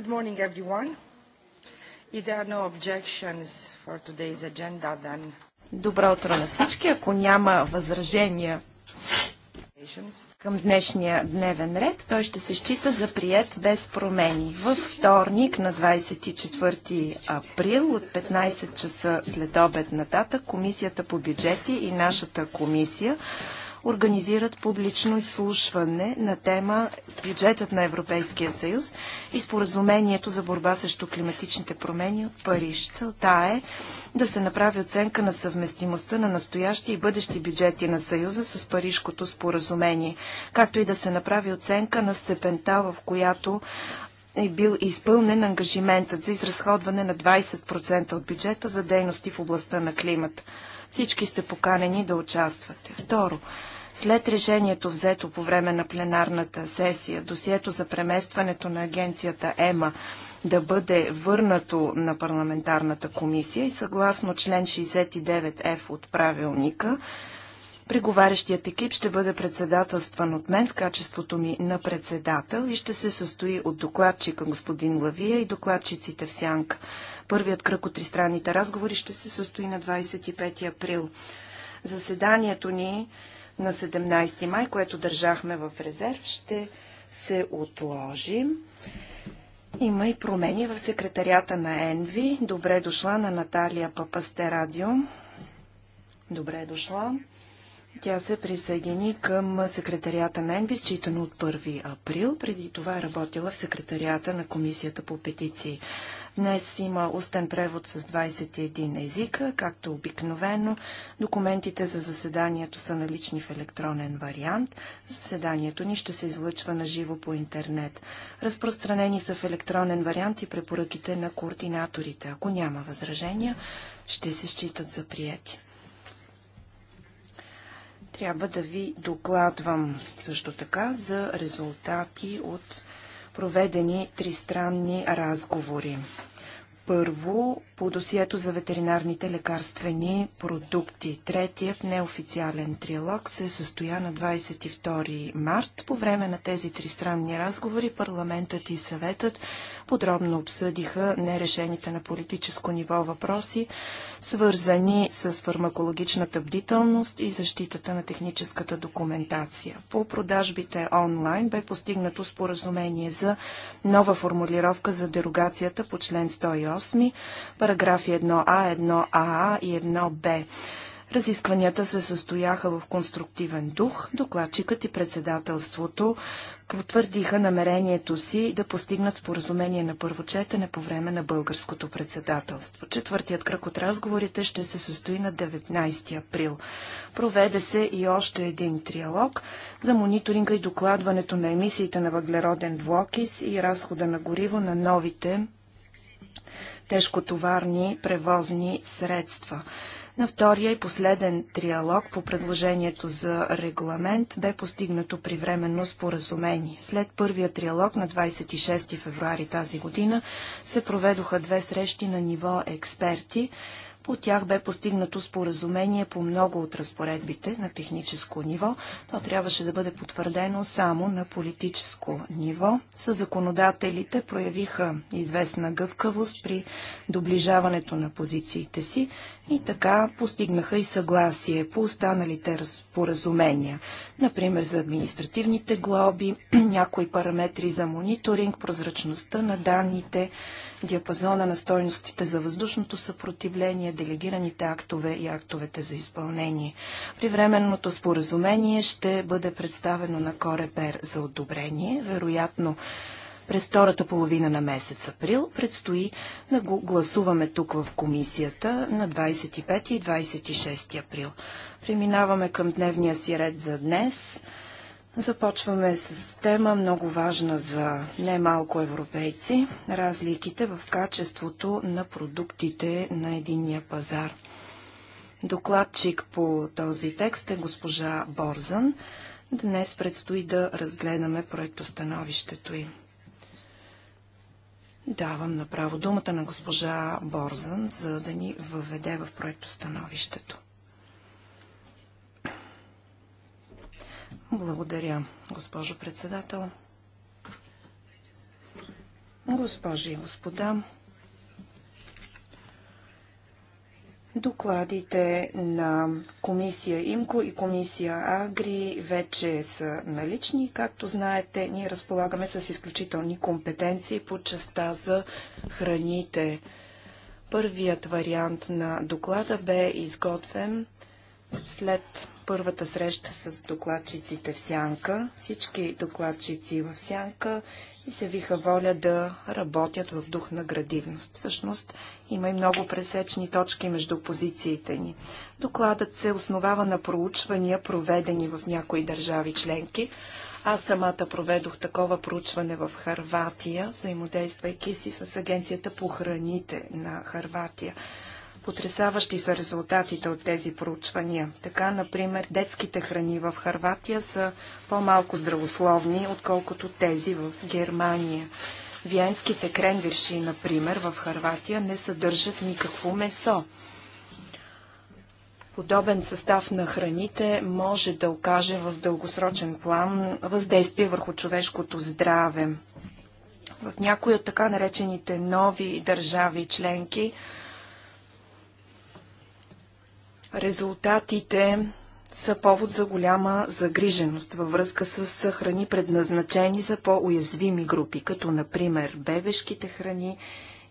Good morning, everyone. If there are no objections for today's agenda, then... Добро утро на всички. Ако няма възражения към днешния дневен ред, той ще се счита за прият без промени. Във вторник на 24 април от 15 часа след обед нататък Комисията по бюджети и нашата комисия организират публично изслушване на тема бюджетът на Европейския съюз и споразумението за борба срещу климатичните промени от Париж. Целта е да се направи оценка на съвместимостта на настоящи и бъдещи бюджети на Съюза с Парижкото споразумение, както и да се направи оценка на степента, в която е бил изпълнен ангажиментът за изразходване на 20% от бюджета за дейности в областта на климата. Всички сте поканени да участвате. Второ, след решението взето по време на пленарната сесия, досието за преместването на агенцията ЕМА да бъде върнато на парламентарната комисия и съгласно член 69F от правилника, Преговарящият екип ще бъде председателстван от мен в качеството ми на председател и ще се състои от докладчика господин Лавия и докладчиците в Сянка. Първият кръг от тристранните разговори ще се състои на 25 април. Заседанието ни на 17 май, което държахме в резерв, ще се отложим. Има и промени в секретарията на Енви. Добре дошла на Наталия Радио. Добре дошла. Тя се присъедини към секретарията на Енви, считано от 1 април. Преди това е работила в секретарията на Комисията по петиции. Днес има устен превод с 21 езика, както обикновено. Документите за заседанието са налични в електронен вариант. Заседанието ни ще се излъчва на живо по интернет. Разпространени са в електронен вариант и препоръките на координаторите. Ако няма възражения, ще се считат за прияти трябва да ви докладвам също така за резултати от проведени тристранни разговори. Първо, по досието за ветеринарните лекарствени продукти. Третият неофициален триалог се състоя на 22 март. По време на тези тристранни разговори парламентът и съветът подробно обсъдиха нерешените на политическо ниво въпроси, свързани с фармакологичната бдителност и защитата на техническата документация. По продажбите онлайн бе постигнато споразумение за нова формулировка за дерогацията по член 108, параграфи 1а, 1аа и 1б. Разискванията се състояха в конструктивен дух. Докладчикът и председателството потвърдиха намерението си да постигнат споразумение на първо четене по време на българското председателство. Четвъртият кръг от разговорите ще се състои на 19 април. Проведе се и още един триалог за мониторинга и докладването на емисиите на въглероден двуокис и разхода на гориво на новите тежкотоварни превозни средства. На втория и последен триалог по предложението за регламент бе постигнато привременно споразумение. След първия триалог на 26 февруари тази година се проведоха две срещи на ниво експерти по тях бе постигнато споразумение по много от разпоредбите на техническо ниво. То трябваше да бъде потвърдено само на политическо ниво. Със законодателите проявиха известна гъвкавост при доближаването на позициите си и така постигнаха и съгласие по останалите споразумения. Например, за административните глоби, някои параметри за мониторинг, прозрачността на данните, диапазона на стойностите за въздушното съпротивление, изпълнение, делегираните актове и актовете за изпълнение. При временното споразумение ще бъде представено на Корепер за одобрение. Вероятно през втората половина на месец април предстои да го гласуваме тук в комисията на 25 и 26 април. Преминаваме към дневния си ред за днес – Започваме с тема много важна за немалко европейци – разликите в качеството на продуктите на единния пазар. Докладчик по този текст е госпожа Борзан. Днес предстои да разгледаме проектостановището й. Давам направо думата на госпожа Борзан, за да ни въведе в проектостановището. Благодаря, госпожо председател. Госпожи и господа, Докладите на комисия ИМКО и комисия АГРИ вече са налични. Както знаете, ние разполагаме с изключителни компетенции по частта за храните. Първият вариант на доклада бе изготвен след първата среща с докладчиците в Сянка, всички докладчици в Сянка и се виха воля да работят в дух на градивност. Всъщност има и много пресечни точки между позициите ни. Докладът се основава на проучвания, проведени в някои държави членки. Аз самата проведох такова проучване в Харватия, взаимодействайки си с Агенцията по храните на Харватия. Потресаващи са резултатите от тези проучвания. Така, например, детските храни в Харватия са по-малко здравословни, отколкото тези в Германия. Виенските кренвирши, например, в Харватия не съдържат никакво месо. Подобен състав на храните може да окаже в дългосрочен план въздействие върху човешкото здраве. В някои от така наречените нови държави членки – Резултатите са повод за голяма загриженост във връзка с храни предназначени за по-уязвими групи, като например бебешките храни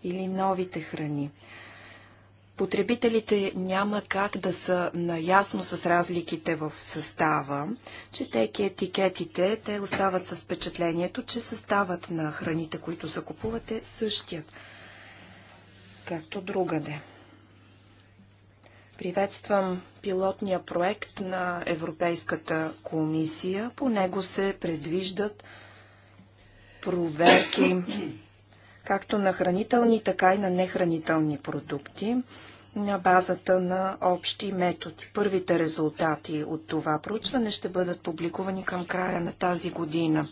или новите храни. Потребителите няма как да са наясно с разликите в състава. Четейки етикетите, те остават с впечатлението, че съставът на храните, които закупувате, е същият, както другаде. Приветствам пилотния проект на Европейската комисия. По него се предвиждат проверки както на хранителни, така и на нехранителни продукти на базата на общи методи. Първите резултати от това проучване ще бъдат публикувани към края на тази година.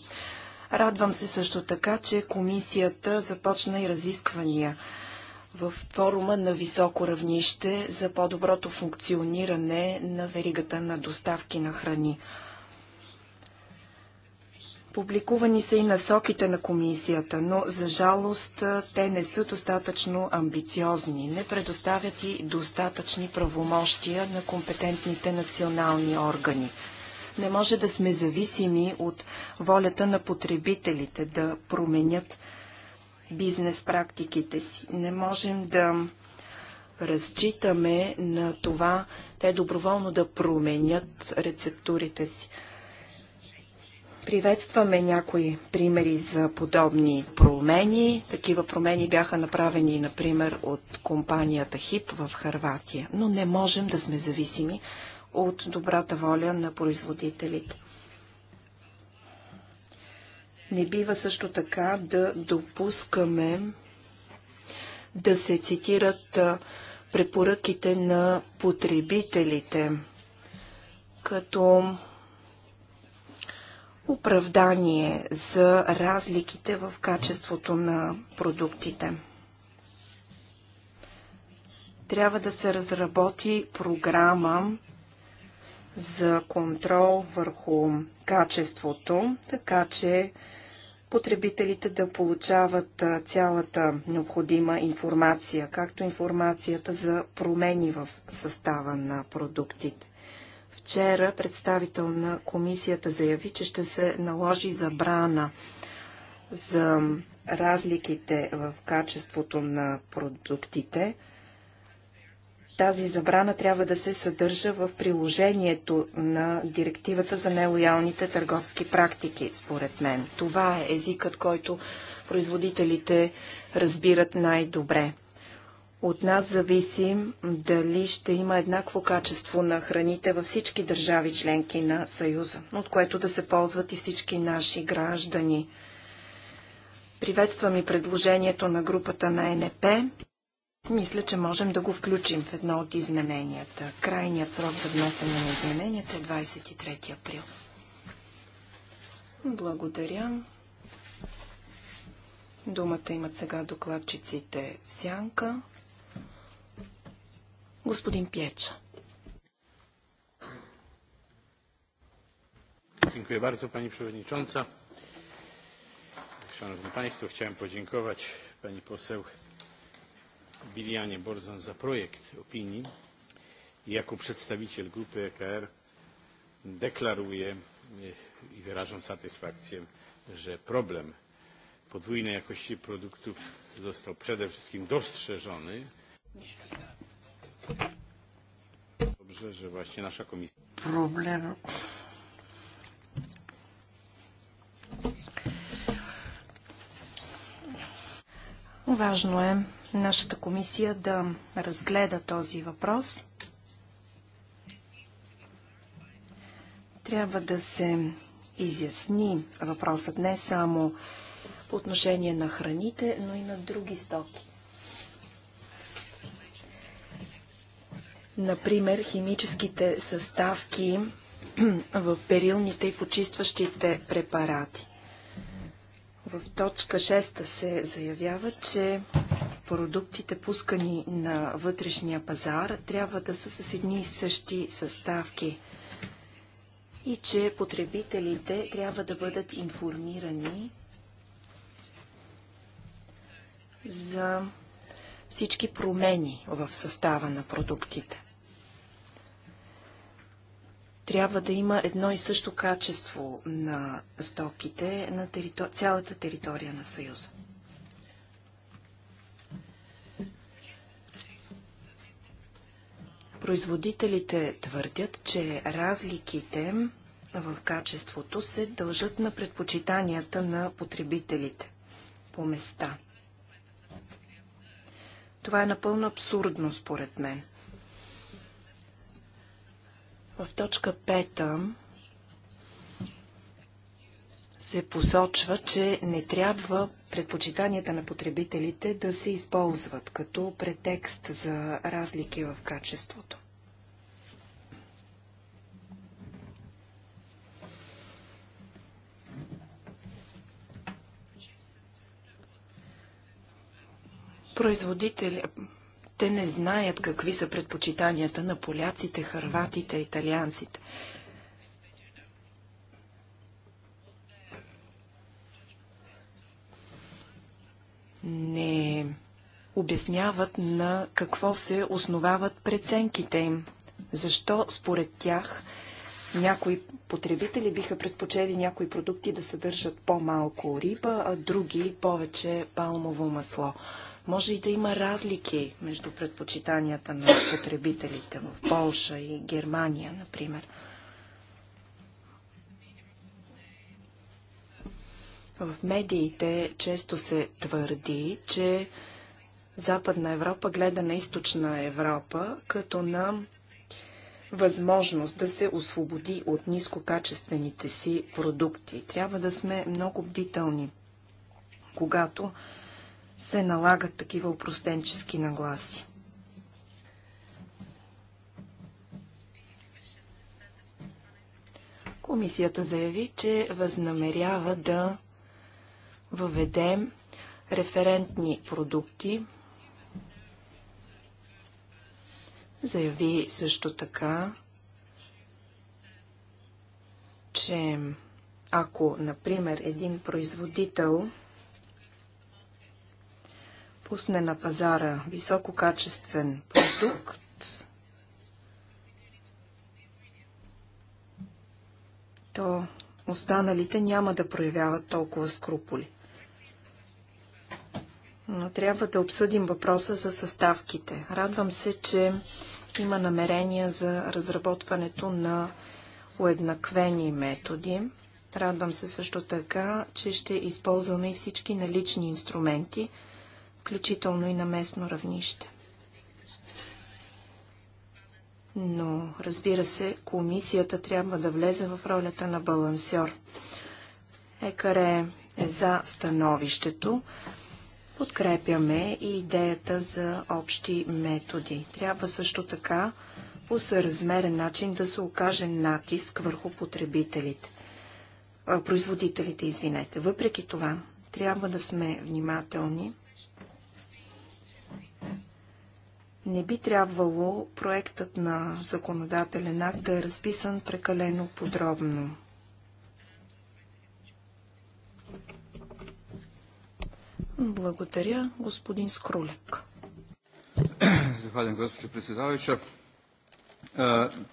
Радвам се също така, че комисията започна и разисквания в форума на високо равнище за по-доброто функциониране на веригата на доставки на храни. Публикувани са и насоките на комисията, но за жалост те не са достатъчно амбициозни, не предоставят и достатъчни правомощия на компетентните национални органи. Не може да сме зависими от волята на потребителите да променят бизнес практиките си. Не можем да разчитаме на това те доброволно да променят рецептурите си. Приветстваме някои примери за подобни промени. Такива промени бяха направени, например, от компанията ХИП в Харватия, но не можем да сме зависими от добрата воля на производителите. Не бива също така да допускаме да се цитират препоръките на потребителите като оправдание за разликите в качеството на продуктите. Трябва да се разработи програма за контрол върху качеството, така че потребителите да получават цялата необходима информация, както информацията за промени в състава на продуктите. Вчера представител на комисията заяви, че ще се наложи забрана за разликите в качеството на продуктите – тази забрана трябва да се съдържа в приложението на директивата за нелоялните търговски практики, според мен. Това е езикът, който производителите разбират най-добре. От нас зависи дали ще има еднакво качество на храните във всички държави членки на Съюза, от което да се ползват и всички наши граждани. Приветствам и предложението на групата на НП. Мисля, че можем да го включим в едно от измененията. Крайният срок за внасяне на измененията е 23 април. Благодаря. Думата имат сега докладчиците в сянка. Господин Пьеча. Dziękuję bardzo Pani Przewodnicząca. Szanowni Państwo, chciałem podziękować Pani Poseł Bilianie Borzan za projekt opinii. i Jako przedstawiciel grupy EKR deklaruję i wyrażam satysfakcję, że problem podwójnej jakości produktów został przede wszystkim dostrzeżony. Dobrze, że właśnie nasza komisja. Problem. Важно нашата комисия да разгледа този въпрос. Трябва да се изясни въпросът не само по отношение на храните, но и на други стоки. Например, химическите съставки в перилните и почистващите препарати. В точка 6 се заявява, че продуктите, пускани на вътрешния пазар, трябва да са с едни и същи съставки и че потребителите трябва да бъдат информирани за всички промени в състава на продуктите. Трябва да има едно и също качество на стоките на територи... цялата територия на Съюза. Производителите твърдят, че разликите в качеството се дължат на предпочитанията на потребителите по места. Това е напълно абсурдно, според мен. В точка 5 се посочва, че не трябва предпочитанията на потребителите да се използват като претекст за разлики в качеството. Производителя, те не знаят какви са предпочитанията на поляците, хърватите, италианците. не обясняват на какво се основават преценките им. Защо според тях някои потребители биха предпочели някои продукти да съдържат по-малко риба, а други повече палмово масло. Може и да има разлики между предпочитанията на потребителите в Полша и Германия, например. В медиите често се твърди, че Западна Европа гледа на Източна Европа като на възможност да се освободи от нискокачествените си продукти. Трябва да сме много бдителни, когато се налагат такива упростенчески нагласи. Комисията заяви, че възнамерява да въведем референтни продукти. Заяви също така, че ако, например, един производител пусне на пазара висококачествен продукт, то останалите няма да проявяват толкова скруполи но трябва да обсъдим въпроса за съставките. Радвам се, че има намерения за разработването на уеднаквени методи. Радвам се също така, че ще използваме и всички налични инструменти, включително и на местно равнище. Но, разбира се, комисията трябва да влезе в ролята на балансьор. Екаре е за становището, Подкрепяме и идеята за общи методи. Трябва също така по съразмерен начин да се окаже натиск върху потребителите. производителите, извинете. Въпреки това, трябва да сме внимателни. Не би трябвало проектът на законодателен акт да е разписан прекалено подробно. Благодаря, господин Скрулек. Захвалям, госпожо председавича.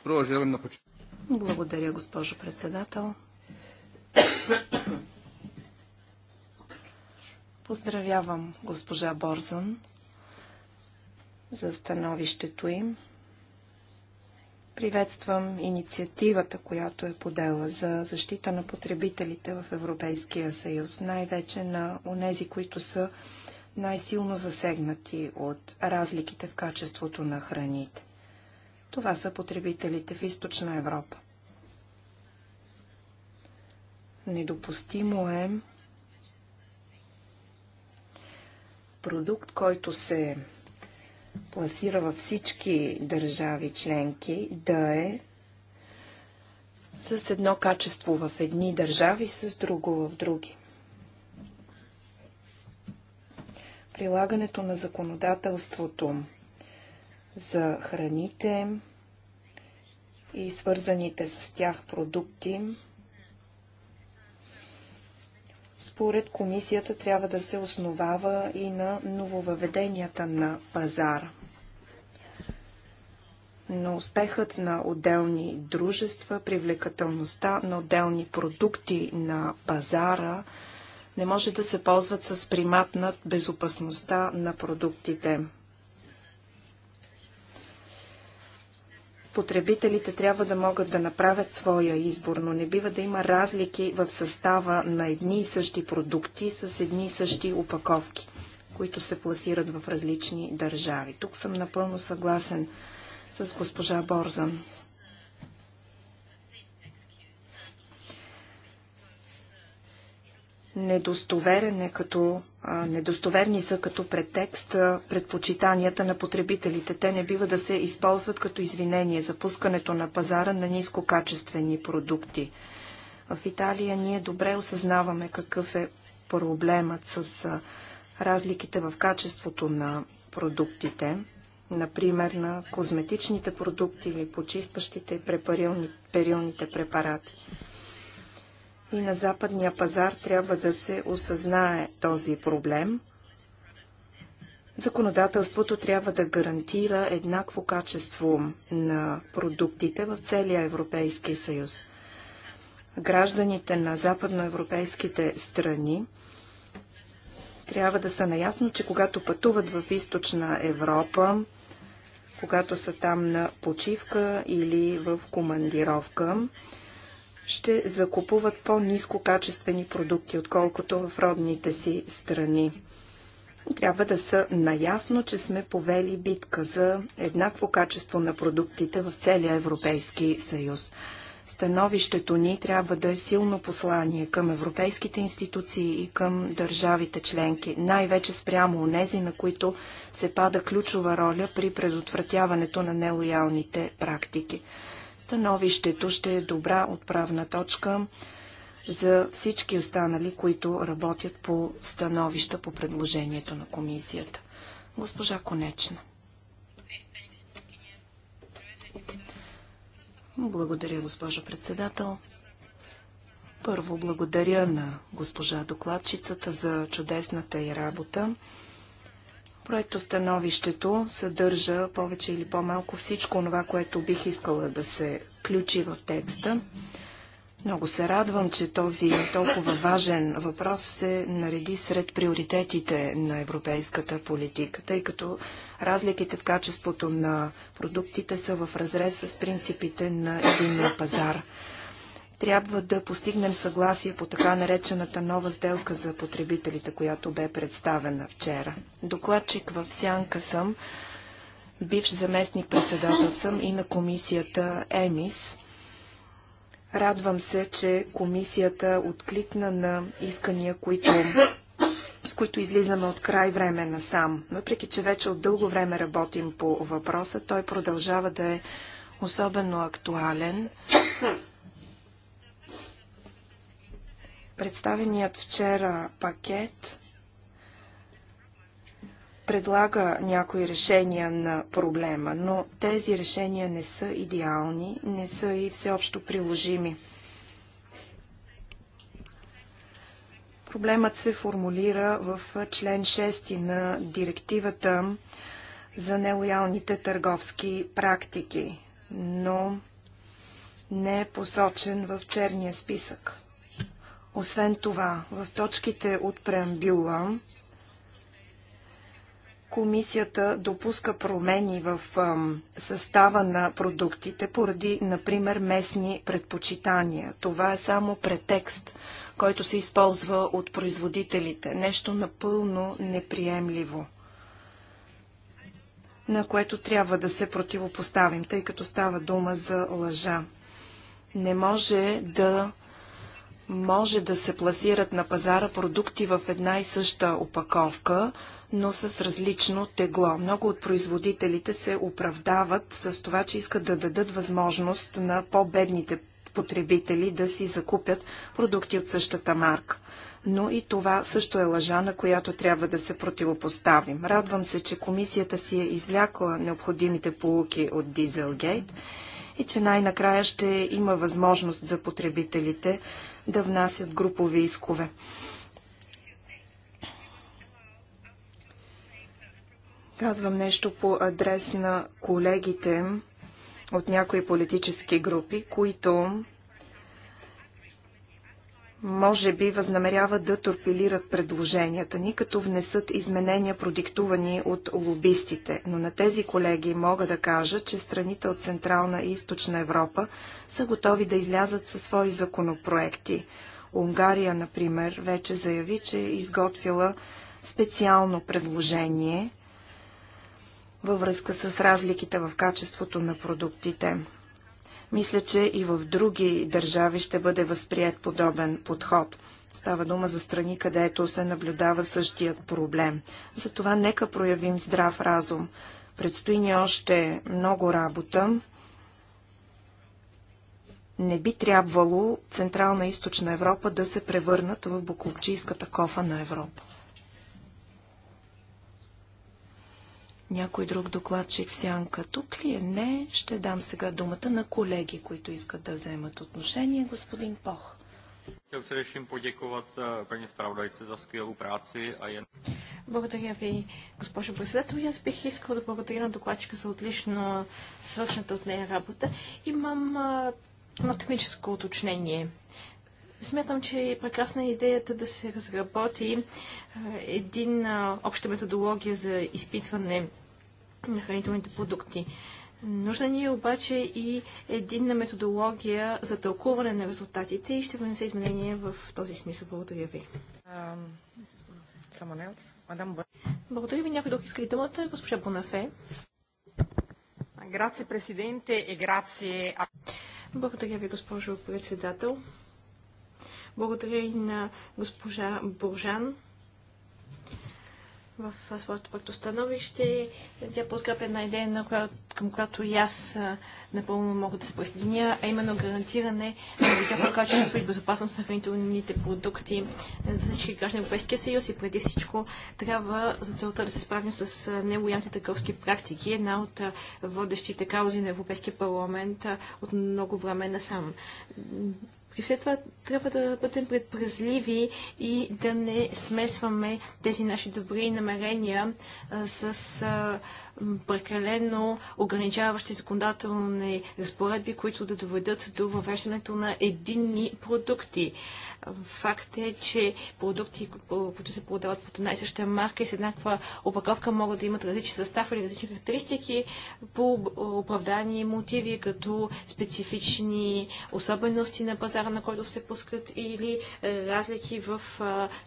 Първо желам на Благодаря, госпожо председател. Поздравявам госпожа Борзан за становището им. Приветствам инициативата, която е подела за защита на потребителите в Европейския съюз, най-вече на онези, които са най-силно засегнати от разликите в качеството на храните. Това са потребителите в Източна Европа. Недопустимо е продукт, който се пласира във всички държави членки, да е с едно качество в едни държави, с друго в други. Прилагането на законодателството за храните и свързаните с тях продукти според комисията трябва да се основава и на нововъведенията на пазара. Но успехът на отделни дружества, привлекателността на отделни продукти на пазара не може да се ползват с примат над безопасността на продуктите. Потребителите трябва да могат да направят своя избор, но не бива да има разлики в състава на едни и същи продукти с едни и същи упаковки, които се пласират в различни държави. Тук съм напълно съгласен с госпожа Борзан. недостоверен е като, а, недостоверни са като претекст а, предпочитанията на потребителите. Те не бива да се използват като извинение за пускането на пазара на нискокачествени продукти. В Италия ние добре осъзнаваме какъв е проблемът с а, разликите в качеството на продуктите, например на козметичните продукти или почистващите и перилните препарати. И на западния пазар трябва да се осъзнае този проблем. Законодателството трябва да гарантира еднакво качество на продуктите в целия Европейски съюз. Гражданите на западноевропейските страни трябва да са наясно, че когато пътуват в източна Европа, когато са там на почивка или в командировка, ще закупуват по-низко качествени продукти, отколкото в родните си страни. Трябва да са наясно, че сме повели битка за еднакво качество на продуктите в целия Европейски съюз. Становището ни трябва да е силно послание към европейските институции и към държавите членки, най-вече спрямо онези, на които се пада ключова роля при предотвратяването на нелоялните практики. Становището ще е добра отправна точка за всички останали, които работят по становища по предложението на комисията. Госпожа Конечна. Благодаря, госпожо председател. Първо благодаря на госпожа докладчицата за чудесната й работа. Проектостановището съдържа повече или по-малко всичко това, което бих искала да се включи в текста. Много се радвам, че този толкова важен въпрос се нареди сред приоритетите на европейската политика, тъй като разликите в качеството на продуктите са в разрез с принципите на единния пазар – трябва да постигнем съгласие по така наречената нова сделка за потребителите, която бе представена вчера. Докладчик в Сянка съм, бивш заместник председател съм и на комисията ЕМИС. Радвам се, че комисията откликна на искания, които с които излизаме от край време на сам. Въпреки, че вече от дълго време работим по въпроса, той продължава да е особено актуален. Представеният вчера пакет предлага някои решения на проблема, но тези решения не са идеални, не са и всеобщо приложими. Проблемът се формулира в член 6 на директивата за нелоялните търговски практики, но не е посочен в черния списък. Освен това, в точките от преамбюла комисията допуска промени в състава на продуктите поради, например, местни предпочитания. Това е само претекст, който се използва от производителите. Нещо напълно неприемливо на което трябва да се противопоставим, тъй като става дума за лъжа. Не може да може да се пласират на пазара продукти в една и съща опаковка, но с различно тегло. Много от производителите се оправдават с това, че искат да дадат възможност на по-бедните потребители да си закупят продукти от същата марка. Но и това също е лъжа, на която трябва да се противопоставим. Радвам се, че комисията си е извлякла необходимите полуки от Дизелгейт и че най-накрая ще има възможност за потребителите да внасят групови искове. Казвам нещо по адрес на колегите от някои политически групи, които може би възнамеряват да торпилират предложенията ни, като внесат изменения, продиктувани от лобистите. Но на тези колеги мога да кажа, че страните от Централна и Източна Европа са готови да излязат със свои законопроекти. Унгария, например, вече заяви, че е изготвила специално предложение във връзка с разликите в качеството на продуктите. Мисля, че и в други държави ще бъде възприят подобен подход. Става дума за страни, където се наблюдава същият проблем. Затова нека проявим здрав разум. Предстои ни още много работа. Не би трябвало Централна и Източна Европа да се превърнат в буклопчийската кофа на Европа. Някой друг докладчик сянка тук ли е? Не. Ще дам сега думата на колеги, които искат да вземат отношение. Господин Пох. Eh, благодаря ви, госпожо председател. Аз бих искал да благодаря на докладчика за отлично свършната от нея работа. Имам едно техническо уточнение. Смятам, че е прекрасна идеята да се разработи е, един е, обща методология за изпитване на хранителните продукти. Нужна ни е обаче и единна методология за тълкуване на резултатите и ще внесе изменения в този смисъл. Благодаря ви. Благодаря ви. Някой друг иска ли думата? Госпожа Бонафе. Благодаря ви, госпожо председател. Благодаря и на госпожа Боржан. в своето становище. Тя подкрепя една идея, на която, към която и аз напълно мога да се присъединя, а именно гарантиране на високо качество и безопасност на хранителните продукти за всички граждани на Европейския съюз и преди всичко трябва за целта да се справим с нелоялните търговски практики. Една от водещите каузи на Европейския парламент от много време насам. И все това трябва да бъдем предпразливи и да не смесваме тези наши добри намерения а, с а, прекалено ограничаващи законодателни разпоредби, които да доведат до въвеждането на единни продукти. Факт е, че продукти, които се продават под една и съща марка и с еднаква опаковка могат да имат различен състав или различни характеристики по оправдани мотиви, като специфични особености на пазара, на който се пускат или е, разлики в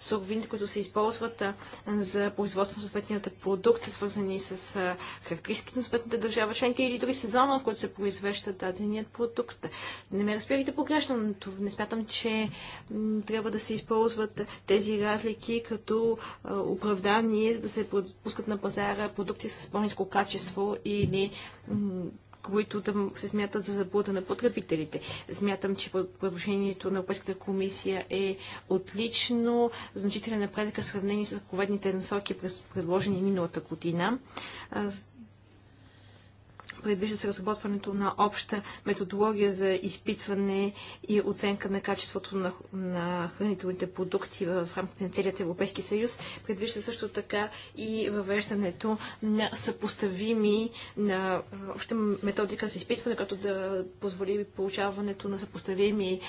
суровините, които се използват за производство на съответния продукт, свързани с Характеристики на съответната държава членка или дори сезона, в който се произвежда даденият продукт. Не ме разбирайте погрешно, не смятам, че трябва да се използват тези разлики като оправдание, за да се пускат на пазара продукти с по-низко качество или които да се смятат за заблуда на потребителите. Смятам, че предложението на Европейската комисия е отлично, значителен напредък в сравнение с ръководните насоки, предложени миналата година. Предвижда се разработването на обща методология за изпитване и оценка на качеството на, на хранителните продукти в рамките на целият Европейски съюз. Предвижда също така и въвеждането на съпоставими на обща методика за изпитване, като да позволи получаването на съпоставими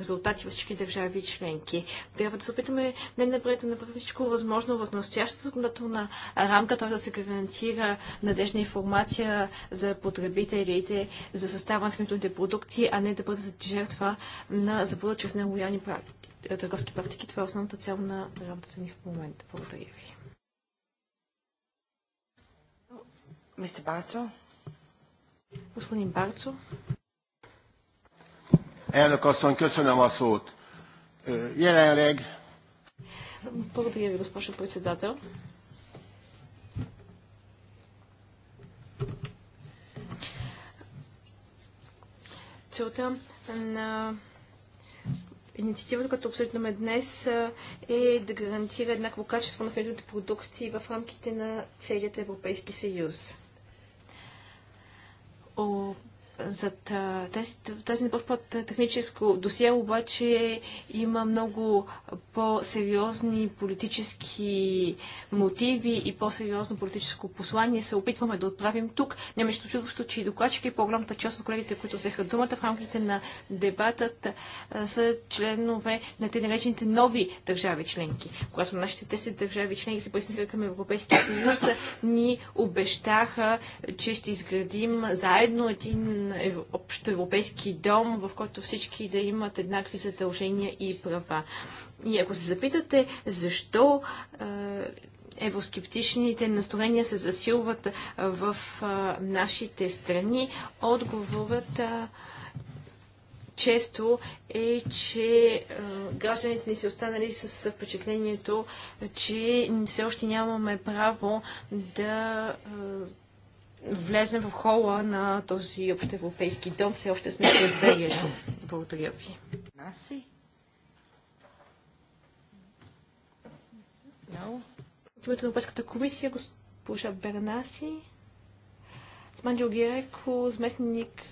резултати във всички държави и членки. Трябва да се опитаме не напред на всичко възможно в настоящата законодателна рамка, т.е. да се гарантира надежна информация за за потребителите, за състава на хранителните продукти, а не да бъдат жертва на заблуда чрез нелоялни е, търговски практики. Това е основната цел на работата ни в момента. Благодаря ви. Мистер Барцо. Господин Барцо. Elnök asszony, köszönöm a szót. Jelenleg... Благодаря ви, госпожо председател. Целта на инициативата, като обсъждаме днес, е да гарантира еднакво качество на хранителните продукти в рамките на целият Европейски съюз зад тези тази не под техническо досие обаче има много по-сериозни политически мотиви и по-сериозно политическо послание се опитваме да отправим тук. Няма между че и докладчика и по-голямата част от колегите, които взеха думата в рамките на дебатът са членове на те наречените нови държави членки. Когато нашите 10 държави членки се присъединиха към Европейския съюз, ни обещаха, че ще изградим заедно един общо европейски дом, в който всички да имат еднакви задължения и права. И ако се запитате защо евроскептичните настроения се засилват в нашите страни, отговорът често е, че гражданите ни са останали с впечатлението, че все още нямаме право да влезем в хола на този общоевропейски дом. Все още сме в безверието. Благодаря ви. Наси? От името на Европейската комисия госпожа Бернаси, Сманджо Гиреко, заместник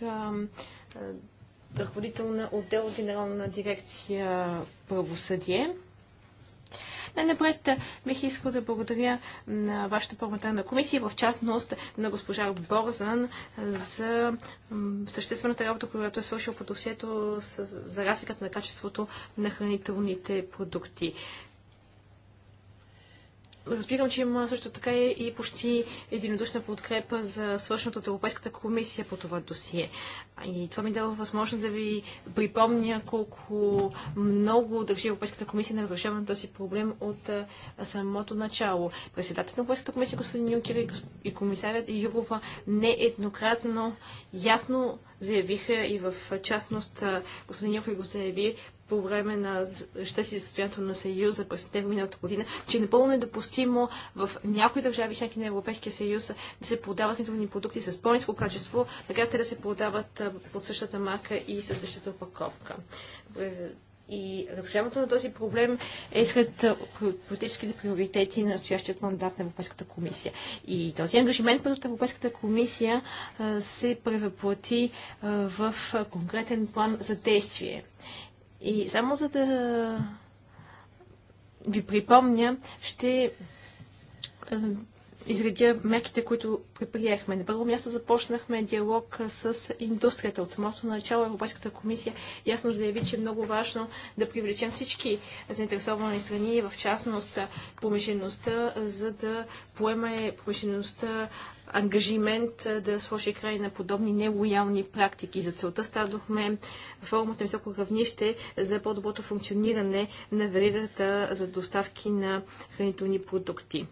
ръководител на отдел Генерална дирекция правосъдие. Най-напред бих искал да благодаря на вашата парламентарна комисия, в частност на госпожа Борзан за съществената работа, която е свършил по досието за разликата на качеството на хранителните продукти. Разбирам, че има също така и почти единодушна подкрепа за свършното от Европейската комисия по това досие. И това ми дава възможност да ви припомня колко много държи Европейската комисия на разрешаване на този проблем от самото начало. Председателят на Европейската комисия, господин Юнкер и комисарят Юрова нееднократно ясно заявиха и в частност господин Юнкер го заяви по време на ще си състоянието на Съюза през тези миналата година, че е напълно недопустимо в някои държави, членки на Европейския съюз, да се продават хранителни продукти с по-низко качество, така те да се продават под същата марка и със същата опаковка. Е, и разрешаването на този проблем е сред политическите приоритети на настоящият мандат на Европейската комисия. И този ангажимент пред Европейската комисия се превъплати в конкретен план за действие. И само за да ви припомня, ще изредя мерките, които предприехме. На първо място започнахме диалог с индустрията. От самото начало Европейската комисия ясно заяви, че е много важно да привлечем всички заинтересовани страни, в частност промишлеността, за да поеме промишлеността ангажимент да сложи край на подобни нелоялни практики. За целта стадохме форумът на високо равнище за по-доброто функциониране на веригата за доставки на хранителни продукти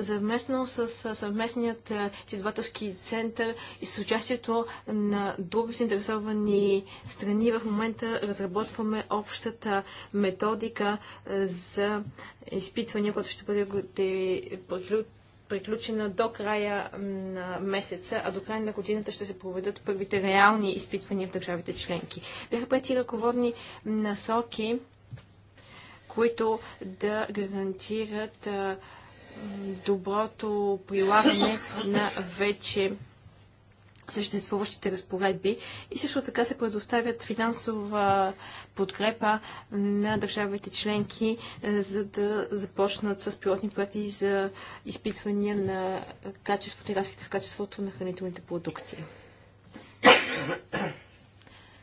съвместно с съвместният изследователски център и с участието на други заинтересовани страни в момента разработваме общата методика за изпитвания, която ще бъде приключена до края на месеца, а до края на годината ще се проведат първите реални изпитвания в държавите членки. Бяха прети ръководни насоки, които да гарантират доброто прилагане на вече съществуващите разпоредби и също така се предоставят финансова подкрепа на държавите членки, за да започнат с пилотни проекти за изпитвания на качеството и разликите в качеството на хранителните продукти.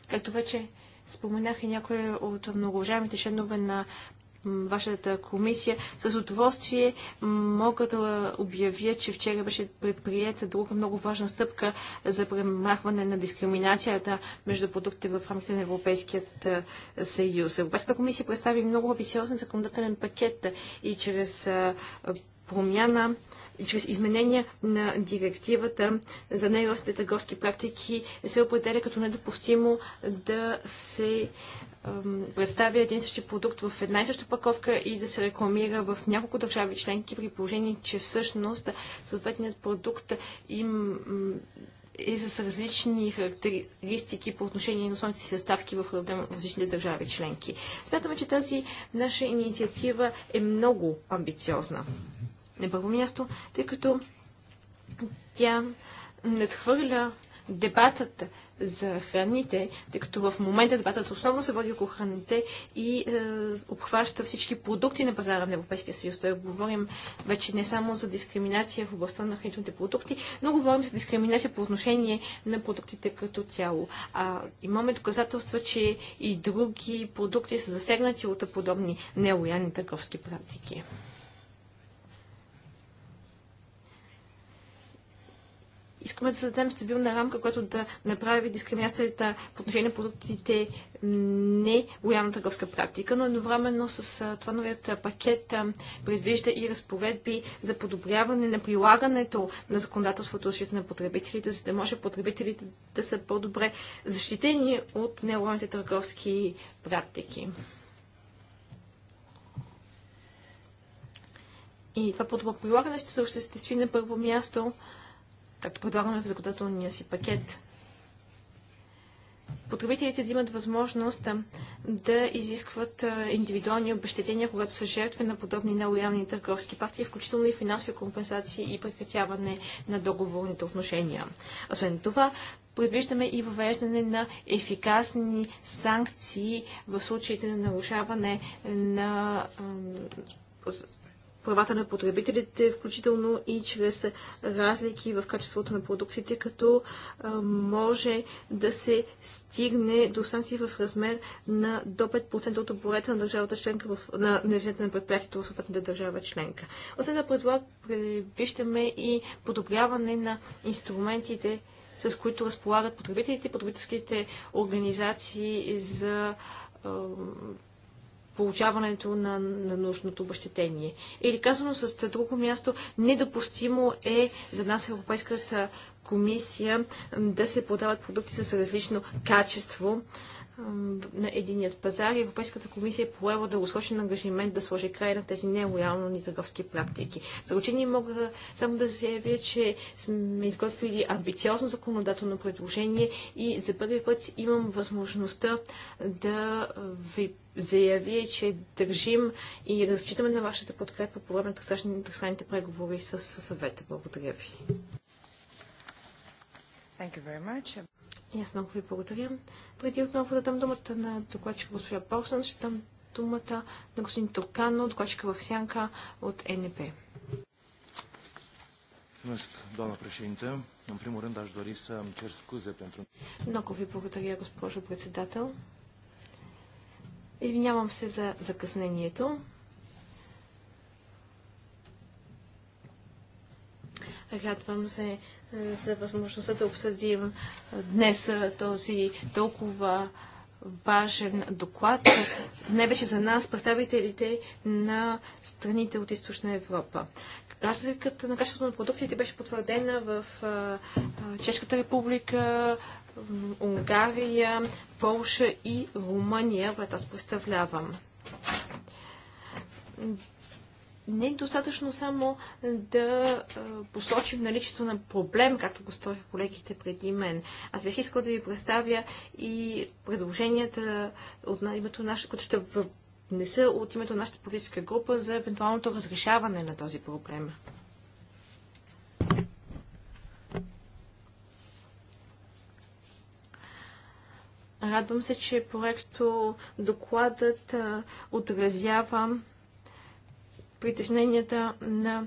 Както вече споменах и някои от многоуважаемите членове на вашата комисия. С удоволствие мога да обявя, че вчера беше предприета друга много важна стъпка за премахване на дискриминацията между продукти в рамките на Европейският съюз. Европейската комисия представи много абисиозен законодателен пакет и чрез промяна чрез изменения на директивата за нелостните търговски практики се определя като недопустимо да се представя един същи продукт в една и съща паковка и да се рекламира в няколко държави членки, при положение, че всъщност съответният продукт им и е с различни характеристики по отношение на основните си съставки в различните държави членки. Смятаме, че тази наша инициатива е много амбициозна. На първо място, тъй като тя надхвърля дебатът за храните, тъй като в момента дебатът основно се води около храните и е, обхваща всички продукти на пазара на Европейския съюз. Той говорим вече не само за дискриминация в областта на хранителните продукти, но говорим за дискриминация по отношение на продуктите като цяло. А, имаме доказателства, че и други продукти са засегнати от подобни нелоялни търговски практики. Искаме да създадем стабилна рамка, която да направи дискриминацията по отношение на продуктите не лоялна търговска практика, но едновременно с това новият пакет предвижда и разпоредби за подобряване на прилагането на законодателството за защита на потребителите, за да може потребителите да са по-добре защитени от нелоялните търговски практики. И това подобро прилагане ще се осъществи на първо място както предлагаме в законодателния си пакет. Потребителите да имат възможност да изискват индивидуални обещетения, когато са жертви на подобни нелоялни търговски партии, включително и финансови компенсации и прекратяване на договорните отношения. Освен това, предвиждаме и въвеждане на ефикасни санкции в случаите на нарушаване на правата на потребителите, включително и чрез разлики в качеството на продуктите, като може да се стигне до санкции в размер на до 5% от оборета на държавата членка в, на, на на предприятието в съответната държава членка. Освен да предлаг, виждаме и подобряване на инструментите, с които разполагат потребителите и потребителските организации за получаването на, на нужното обещетение. Или казано с друго място, недопустимо е за нас Европейската комисия да се подават продукти с различно качество, на единият пазар и Европейската комисия е поела дългосрочен ангажимент да сложи край на тези нелоялни търговски практики. Заключение мога само да заявя, че сме изготвили амбициозно законодателно предложение и за първи път имам възможността да ви заяви, че държим и разчитаме на вашата подкрепа по време на търсаните преговори с съвета. Благодаря ви. И аз много ви благодаря. Преди отново да дам думата на докладчика госпожа Полсън, ще дам думата на господин Токано, докладчика в Сянка от НП. Mulțumesc, doamna În primul rând aș dori să îmi cer scuze pentru... Много ви благодаря, госпожо председател. Извинявам се за закъснението. Радвам се, за възможността да обсъдим днес този толкова важен доклад, не вече за нас, представителите на страните от Източна Европа. Разликата на качеството на продуктите беше потвърдена в Чешката република, Унгария, Полша и Румъния, която аз представлявам не е достатъчно само да посочим наличието на проблем, както го сториха колегите преди мен. Аз бих искал да ви представя и предложенията от името наше, които ще внеса от името на нашата политическа група за евентуалното разрешаване на този проблем. Радвам се, че проекто докладът отразява притесненията на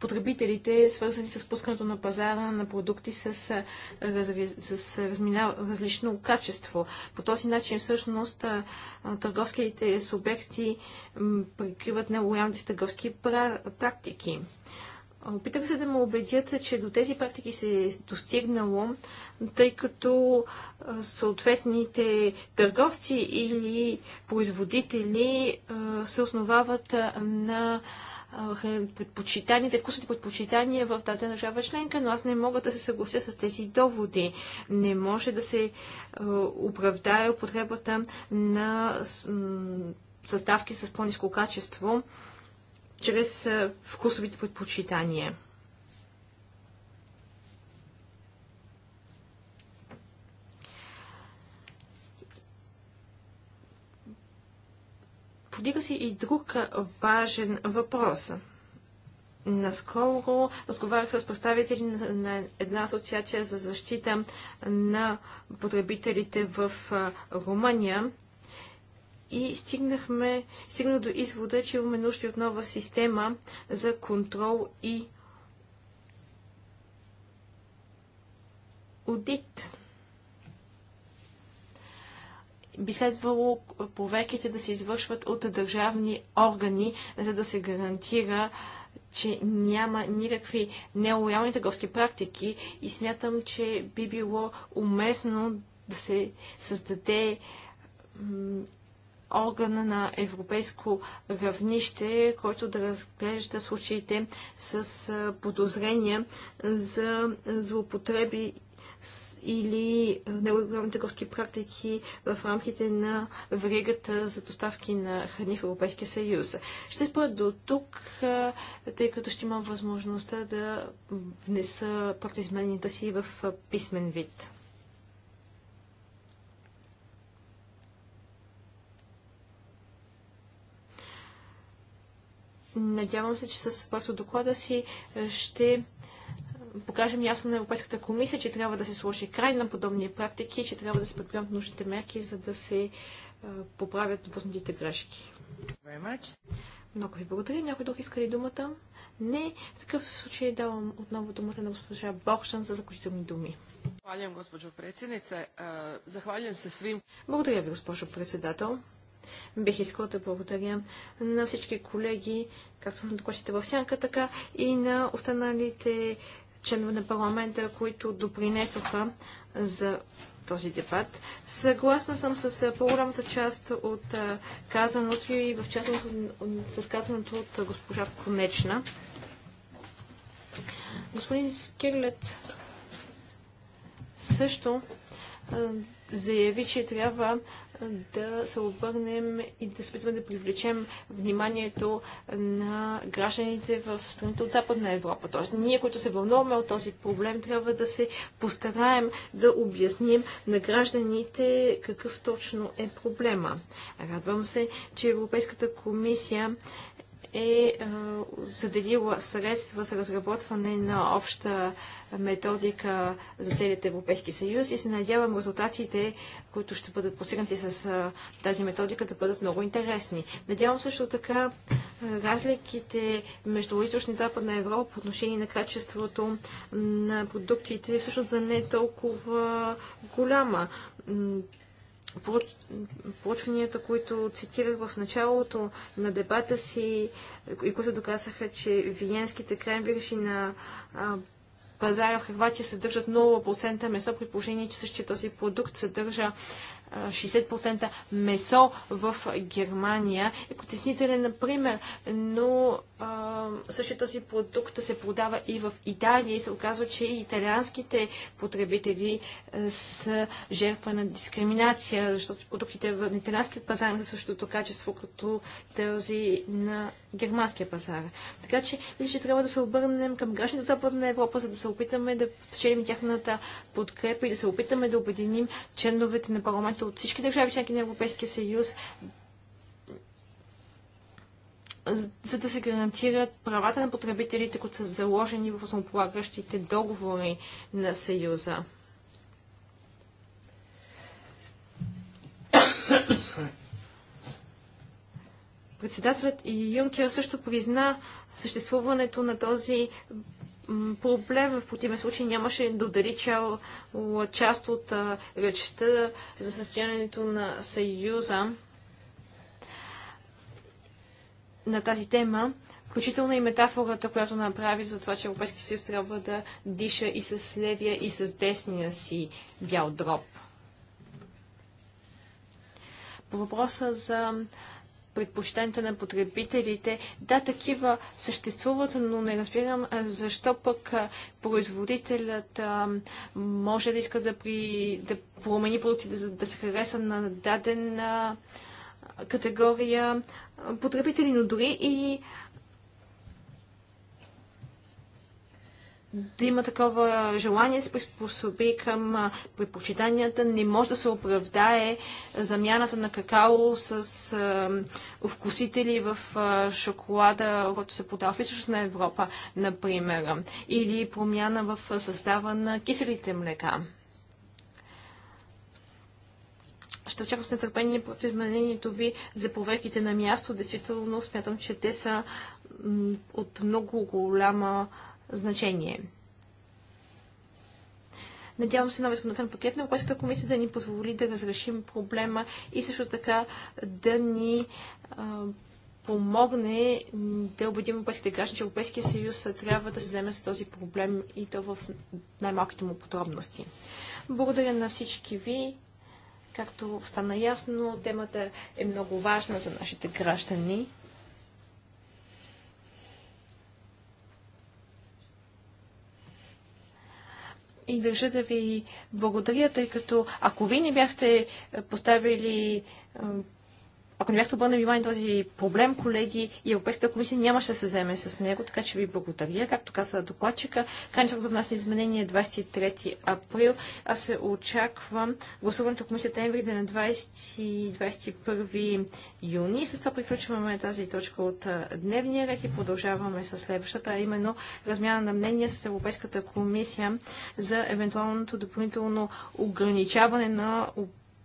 потребителите, свързани с пускането на пазара на продукти с, разви... с размина... различно качество. По този начин всъщност търговските субекти прикриват нелоялните търговски пра... практики. Опитах се да ме убедят, че до тези практики се е достигнало, тъй като съответните търговци или производители се основават на предпочитаните, вкусните предпочитания в тази държава членка, но аз не мога да се съглася с тези доводи. Не може да се оправдае употребата на съставки с по-низко качество чрез вкусовите предпочитания. Подига си и друг важен въпрос. Наскоро разговарях с представители на, на една асоциация за защита на потребителите в Румъния и стигнахме, стигна до извода, че имаме нужда от нова система за контрол и аудит. Би следвало проверките да се извършват от държавни органи, за да се гарантира че няма никакви нелоялни търговски практики и смятам, че би било уместно да се създаде органа на европейско равнище, който да разглежда случаите с подозрения за злоупотреби или нелегални търговски практики в рамките на веригата за доставки на храни в Европейския съюз. Ще спра до тук, тъй като ще имам възможността да внеса пак измененията си в писмен вид. Надявам се, че с проекто доклада си е, ще е, покажем ясно на Европейската комисия, че трябва да се сложи край на подобни практики, че трябва да се предприемат нужните мерки, за да се е, поправят допуснатите грешки. Много ви благодаря. Някой друг иска ли думата? Не. В такъв случай давам отново думата на госпожа Бокшан за заключителни думи. госпожо Захвалям се свим. Благодаря ви, госпожо председател. Бих искал да благодаря на всички колеги, както на докладчите в Сянка, така и на останалите членове на парламента, които допринесоха за този дебат. Съгласна съм с по-голямата част от казаното и в частност с казаното от госпожа Конечна. Господин Скирлет също заяви, че трябва да се обърнем и да се опитваме да привлечем вниманието на гражданите в страните от Западна Европа. Тоест, ние, които се вълнуваме от този проблем, трябва да се постараем да обясним на гражданите какъв точно е проблема. Радвам се, че Европейската комисия е, е заделила средства за разработване на обща методика за целият Европейски съюз и се надявам резултатите, които ще бъдат постигнати с е, тази методика, да бъдат много интересни. Надявам също така е, разликите между източна и западна Европа по отношение на качеството на продуктите всъщност да не е толкова голяма проучванията, които цитирах в началото на дебата си и които доказаха, че виенските кренвирши на пазара в Хрватия съдържат 0% месо, при положение, че същия този продукт съдържа 60% месо в Германия е потеснителен, например, но а, също този продукт се продава и в Италия и се оказва, че и италианските потребители а, са жертва на дискриминация, защото продуктите в италианският пазар са същото качество като тези на германския пазар. Така че, мисля, че трябва да се обърнем към гражданите от Западна Европа, за да се опитаме да печелим тяхната подкрепа и да се опитаме да обединим членовете на парламента от всички държави, членки на Европейския съюз, за да се гарантират правата на потребителите, които са заложени в основополагащите договори на Съюза. Председателят Юнкер също призна съществуването на този проблем. В противен случай нямаше да удари част от речта за състоянието на Съюза на тази тема, включително и метафората, която направи за това, че Европейски съюз трябва да диша и с левия, и с десния си бял дроб. По въпроса за предпочитанията на потребителите. Да, такива съществуват, но не разбирам защо пък производителят може да иска да, при, да промени продуктите, да, да се хареса на дадена категория потребители, но дори и да има такова желание да се приспособи към предпочитанията, не може да се оправдае замяната на какао с а, вкусители в а, шоколада, който се подава в източна Европа, например, или промяна в състава на киселите млека. Ще очаквам с нетърпение против изменението ви за проверките на място. Действително смятам, че те са от много голяма значение. Надявам се новият законодателен пакет на Европейската комисия да ни позволи да разрешим проблема и също така да ни а, помогне да убедим европейските граждани, че Европейския съюз трябва да се вземе с този проблем и то в най-малките му подробности. Благодаря на всички ви. Както стана ясно, темата е много важна за нашите граждани. и държа да ви благодаря, тъй като ако ви не бяхте е, поставили е, ако не бяхте обърнали внимание този проблем, колеги, и Европейската комисия нямаше да се вземе с него, така че ви благодаря. Както каза докладчика, крайният срок за нас е изменение 23 април. Аз се очаквам гласуването в комисията Емри да е на 20 21 юни. С това приключваме тази точка от дневния ред и продължаваме с следващата, а именно размяна на мнение с Европейската комисия за евентуалното допълнително ограничаване на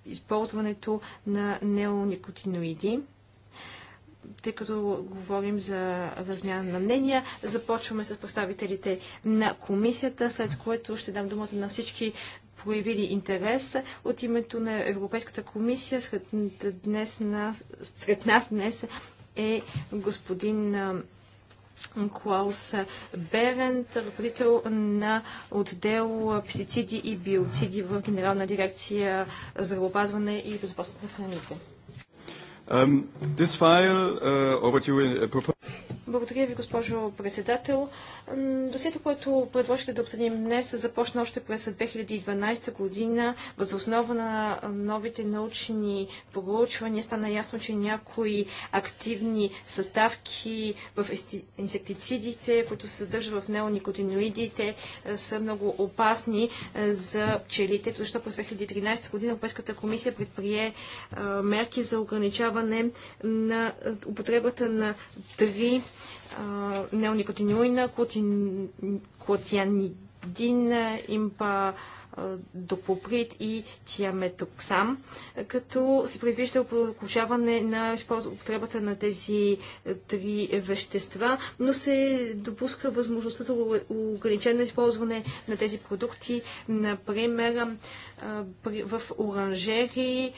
използването на неоникотиноиди. Тъй като говорим за размяна на мнения, започваме с представителите на комисията, след което ще дам думата на всички проявили интерес от името на Европейската комисия. Сред, днес сред нас днес е господин Клаус Берент, ръководител на отдел пестициди и биоциди в Генерална дирекция здравеопазване и безопасност на храните. Um, file, uh, you... Uh, Благодаря ви, госпожо председател. Досието, което предложите да обсъдим днес, започна още през 2012 година. Въз основа на новите научни проучвания стана ясно, че някои активни съставки в инсектицидите, които се съдържат в неоникотиноидите, са много опасни за пчелите. Защото през 2013 година Европейската комисия предприе мерки за ограничаване на употребата на три неоникотиноидна, клотианидина, един е, импа па допоприт и тиаметоксам, като се предвижда получаване на употребата на тези е, три вещества, но се допуска възможността за ограничено използване на тези продукти, например е, в оранжери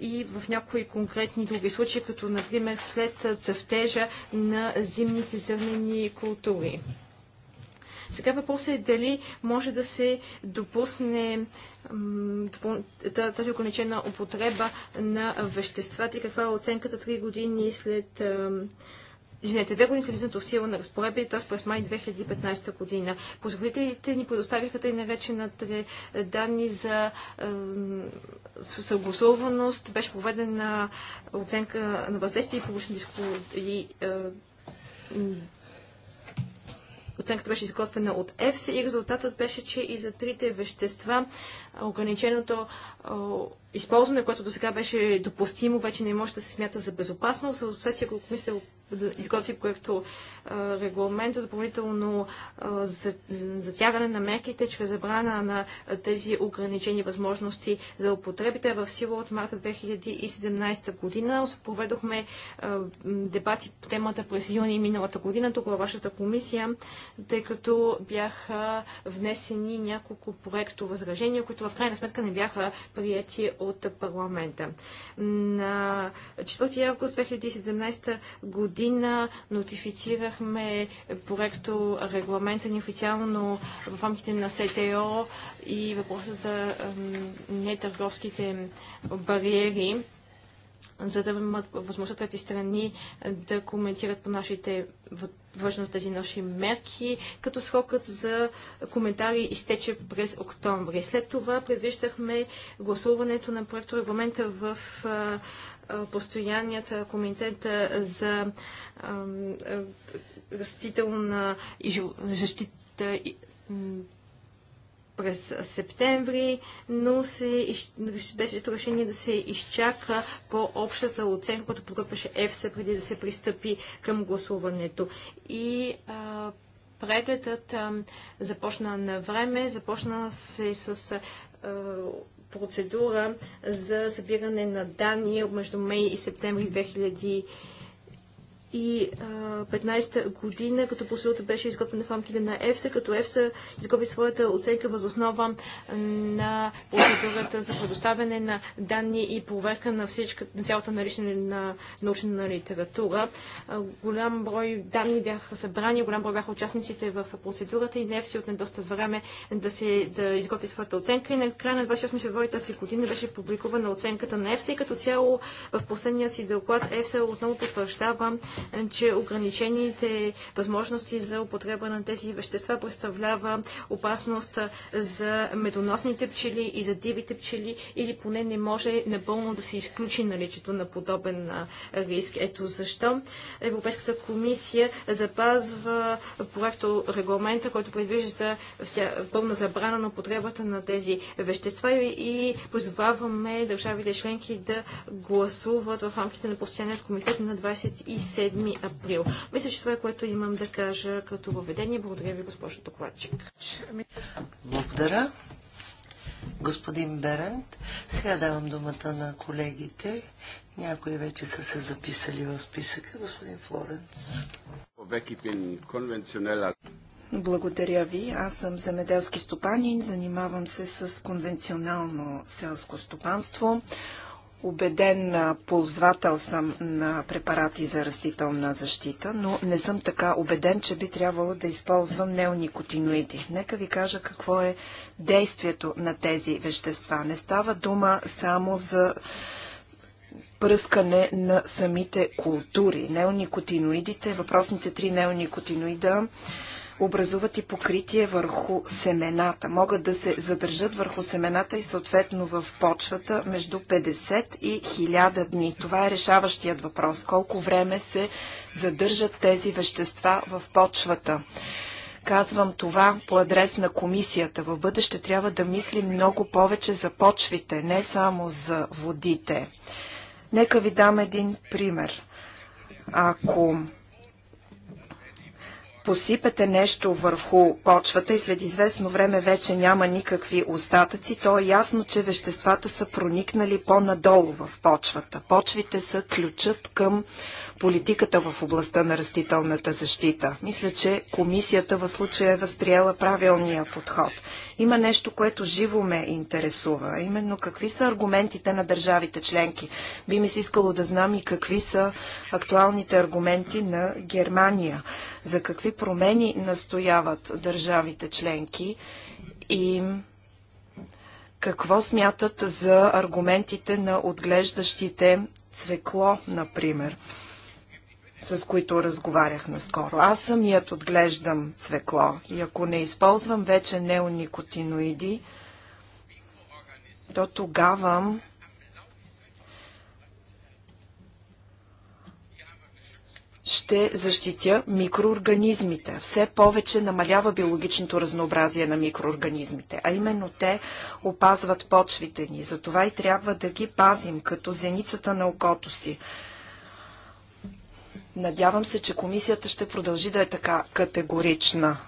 и в някои конкретни други случаи, като например след цъфтежа на зимните зърнени култури. Сега въпросът е дали може да се допусне тази ограничена употреба на веществата и каква е оценката 3 години след Извинете, две години са влизането в сила на разпоредби, т.е. през май 2015 година. Производителите ни предоставиха тъй наречените данни за е, съгласуваност. Беше проведена оценка на въздействие и публична диску... и, е, Оценката беше изготвена от ЕФСА и резултатът беше, че и за трите вещества ограниченото използване, което до сега беше допустимо, вече не може да се смята за безопасно. В съответствие, ако мисля да изготви проекто регламент за допълнително затягане на мерките чрез забрана на тези ограничени възможности за употребите в сила от марта 2017 година. Проведохме дебати по темата през юни миналата година тук във вашата комисия, тъй като бяха внесени няколко проекто възражения, които в крайна сметка не бяха прияти от парламента. На 4 август 2017 година нотифицирахме проекто регламента ни официално в рамките на СТО и въпросът за нетърговските бариери за да имат възможност трети страни да коментират по нашите външно тези наши мерки, като срокът за коментари изтече през октомври. След това предвиждахме гласуването на проекта регламента в постоянният комитет за растителна и защита през септември, но се, беше взето решение да се изчака по общата оценка, която подготвяше ЕФСА преди да се пристъпи към гласуването. И а, прегледът а, започна на време, започна се с а, процедура за събиране на данни между май и септември 2000 2015 година, като посилата беше изготвена в рамките на ЕФСА, като ЕФСА изготви своята оценка възоснова на процедурата за предоставяне на данни и проверка на, всичка, на цялата налична на научна литература. Голям брой данни бяха събрани, голям брой бяха участниците в процедурата и не ЕФСА отне доста време да, се, да изготви своята оценка. И на края на 28 февруари тази година беше публикувана оценката на ЕФСА и като цяло в последния си доклад ЕФСА отново потвърждава че ограничените възможности за употреба на тези вещества представлява опасност за медоносните пчели и за дивите пчели или поне не може напълно да се изключи наличието на подобен риск. Ето защо Европейската комисия запазва проекто регламента, който предвижда пълна забрана на употребата на тези вещества и позоваваме държавите членки да гласуват в рамките на постоянният комитет на 27 7 април. Мисля, че това е което имам да кажа като въведение. Благодаря ви, госпожо докладчик. Благодаря. Господин Берент, сега давам думата на колегите. Някои вече са се записали в списъка. Господин Флоренц. Благодаря ви. Аз съм земеделски стопанин, занимавам се с конвенционално селско стопанство. Обеден ползвател съм на препарати за растителна защита, но не съм така убеден, че би трябвало да използвам неоникотиноиди. Нека ви кажа какво е действието на тези вещества. Не става дума само за пръскане на самите култури. Неоникотиноидите, въпросните три неоникотиноида, образуват и покритие върху семената. Могат да се задържат върху семената и съответно в почвата между 50 и 1000 дни. Това е решаващият въпрос. Колко време се задържат тези вещества в почвата? Казвам това по адрес на комисията. В бъдеще трябва да мислим много повече за почвите, не само за водите. Нека ви дам един пример. Ако посипете нещо върху почвата и след известно време вече няма никакви остатъци, то е ясно, че веществата са проникнали по-надолу в почвата. Почвите са ключът към политиката в областта на растителната защита. Мисля, че комисията в случая е възприела правилния подход. Има нещо, което живо ме интересува, именно какви са аргументите на държавите членки. Би ми се искало да знам и какви са актуалните аргументи на Германия, за какви промени настояват държавите членки и какво смятат за аргументите на отглеждащите цвекло, например с които разговарях наскоро. Аз самият отглеждам цвекло и ако не използвам вече неоникотиноиди, то тогава ще защитя микроорганизмите. Все повече намалява биологичното разнообразие на микроорганизмите, а именно те опазват почвите ни. Затова и трябва да ги пазим като зеницата на окото си. Надявам се, че комисията ще продължи да е така категорична.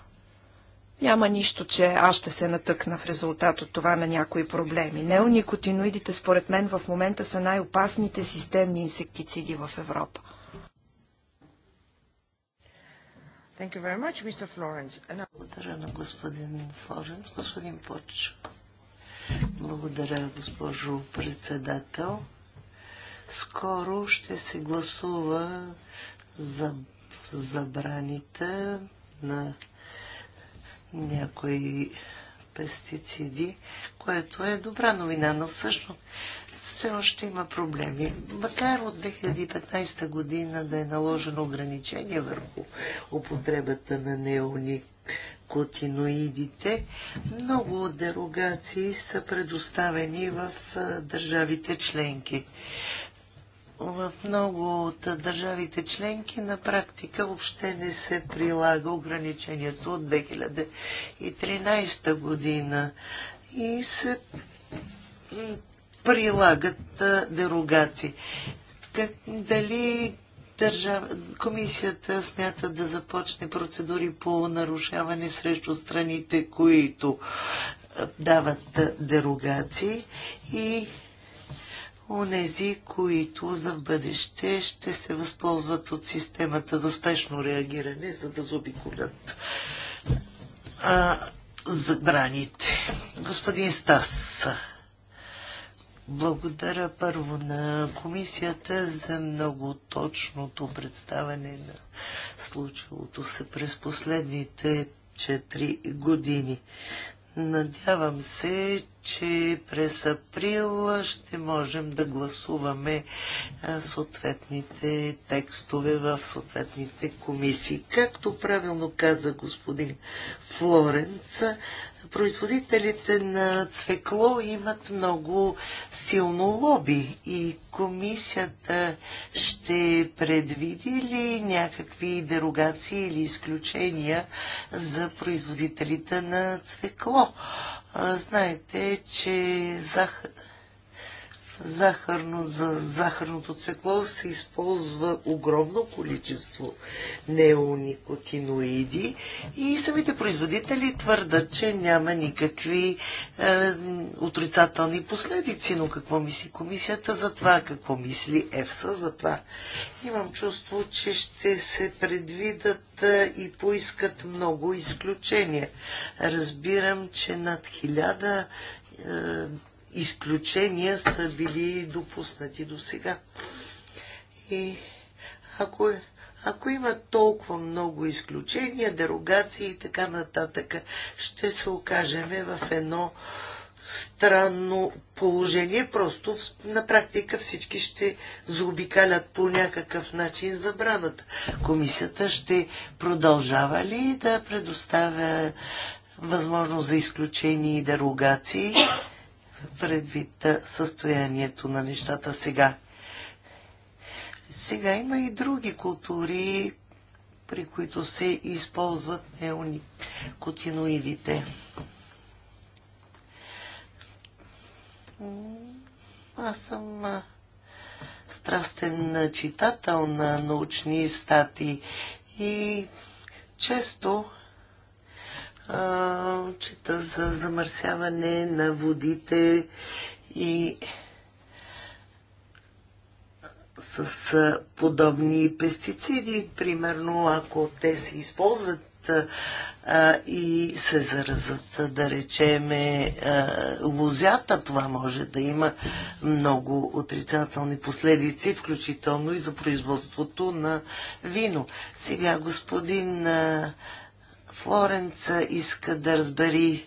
Няма нищо, че аз ще се натъкна в резултат от това на някои проблеми. Неоникотиноидите, според мен, в момента са най-опасните системни инсектициди в Европа. Благодаря на господин Флоренс. Господин Поч. Благодаря, госпожо председател. Скоро ще се гласува за забраните на някои пестициди, което е добра новина, но всъщност все още има проблеми. Макар от 2015 година да е наложено ограничение върху употребата на неоникотиноидите, много дерогации са предоставени в държавите членки в много от държавите членки на практика въобще не се прилага ограничението от 2013 година и се прилагат дерогации. дали държав... комисията смята да започне процедури по нарушаване срещу страните, които дават дерогации и онези, които за бъдеще ще се възползват от системата за спешно реагиране, за да заобиколят а, забраните. Господин Стас, благодаря първо на комисията за много точното представяне на случилото се през последните 4 години. Надявам се, че през април ще можем да гласуваме съответните текстове в съответните комисии. Както правилно каза господин Флоренц, производителите на цвекло имат много силно лоби и комисията ще предвиди ли някакви дерогации или изключения за производителите на цвекло? Знаете, че зах захарно, за захарното цвекло се използва огромно количество неоникотиноиди и самите производители твърдат, че няма никакви е, отрицателни последици. Но какво мисли комисията за това? Какво мисли ЕФСА за това? Имам чувство, че ще се предвидат е, и поискат много изключения. Разбирам, че над хиляда е, изключения са били допуснати до сега. И ако, ако има толкова много изключения, дерогации и така нататък, ще се окажем в едно странно положение. Просто на практика всички ще заобикалят по някакъв начин забраната. Комисията ще продължава ли да предоставя възможност за изключения и дерогации? предвид състоянието на нещата сега. Сега има и други култури, при които се използват неоникотиноидите. Аз съм страстен читател на научни статии и често чета за замърсяване на водите и с подобни пестициди. Примерно, ако те се използват а, и се заразат, да речеме, а, лозята, това може да има много отрицателни последици, включително и за производството на вино. Сега господин а, Флоренц иска да разбери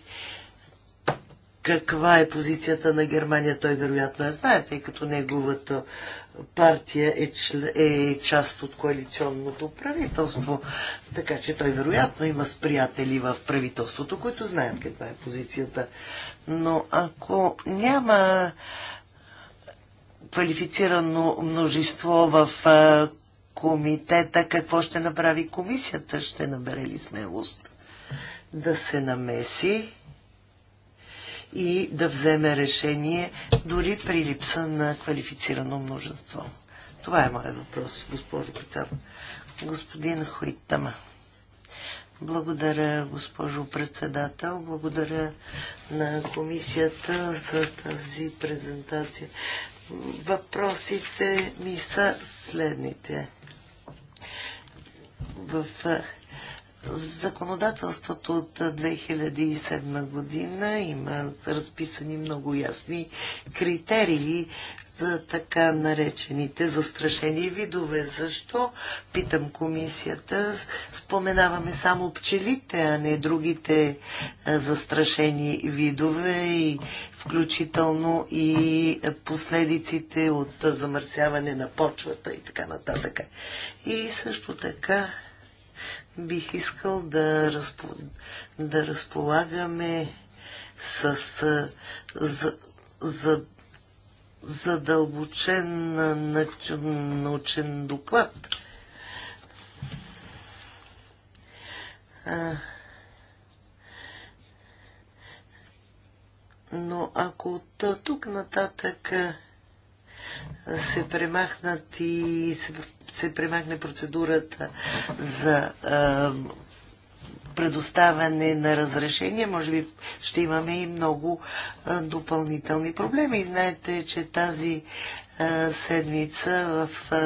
каква е позицията на Германия. Той вероятно я знае, тъй като неговата партия е, чл... е част от коалиционното правителство. Така че той вероятно има с приятели в правителството, които знаят каква е позицията. Но ако няма квалифицирано множество в комитета, какво ще направи комисията? Ще набере ли смелост да се намеси и да вземе решение дори при липса на квалифицирано множество? Това е моят въпрос, госпожо председател. Господин Хуитама. Благодаря, госпожо председател. Благодаря на комисията за тази презентация. Въпросите ми са следните в законодателството от 2007 година има разписани много ясни критерии за така наречените застрашени видове. Защо, питам комисията, споменаваме само пчелите, а не другите застрашени видове и включително и последиците от замърсяване на почвата и така нататък. И също така бих искал да, разпо, да разполагаме с, задълбочен за, за, задълбочен научен доклад. А, но ако от тук нататък се премахнат и се, се премахне процедурата за а, предоставяне на разрешение, може би ще имаме и много а, допълнителни проблеми. Знаете, че тази а, седмица в а,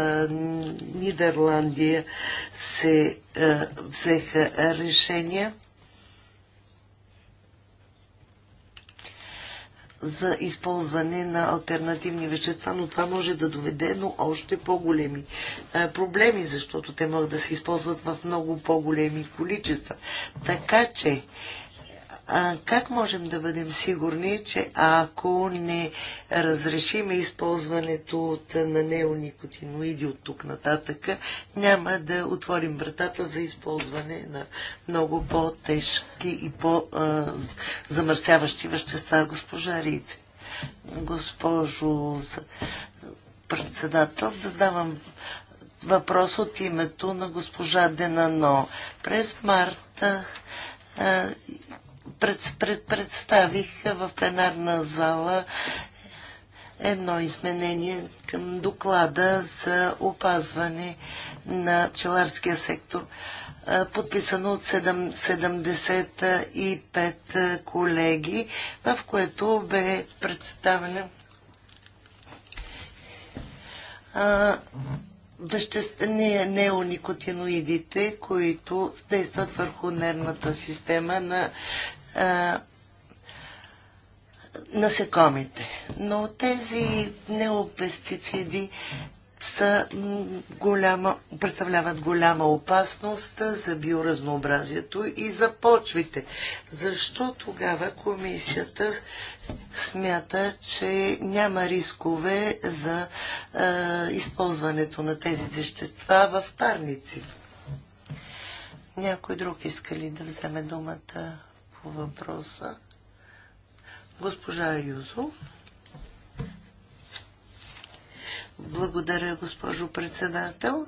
Нидерландия се а, взеха решения за използване на альтернативни вещества, но това може да доведе до още по-големи проблеми, защото те могат да се използват в много по-големи количества. Така че а, как можем да бъдем сигурни, че ако не разрешим използването от, на неоникотиноиди от тук нататък, няма да отворим вратата за използване на много по-тежки и по-замърсяващи вещества, госпожа Рице. Госпожо председател, да давам въпрос от името на госпожа Денано. През марта пред, пред, представих в пленарна зала едно изменение към доклада за опазване на пчеларския сектор, подписано от 7, 75 колеги, в което бе представена вещества, не, неоникотиноидите, които действат върху нервната система на а, насекомите. Но тези неопестициди са голяма, представляват голяма опасност за биоразнообразието и за почвите. Защо тогава комисията смята, че няма рискове за е, използването на тези вещества в парници? Някой друг иска ли да вземе думата? по въпроса. Госпожа Юзо. Благодаря, госпожо председател.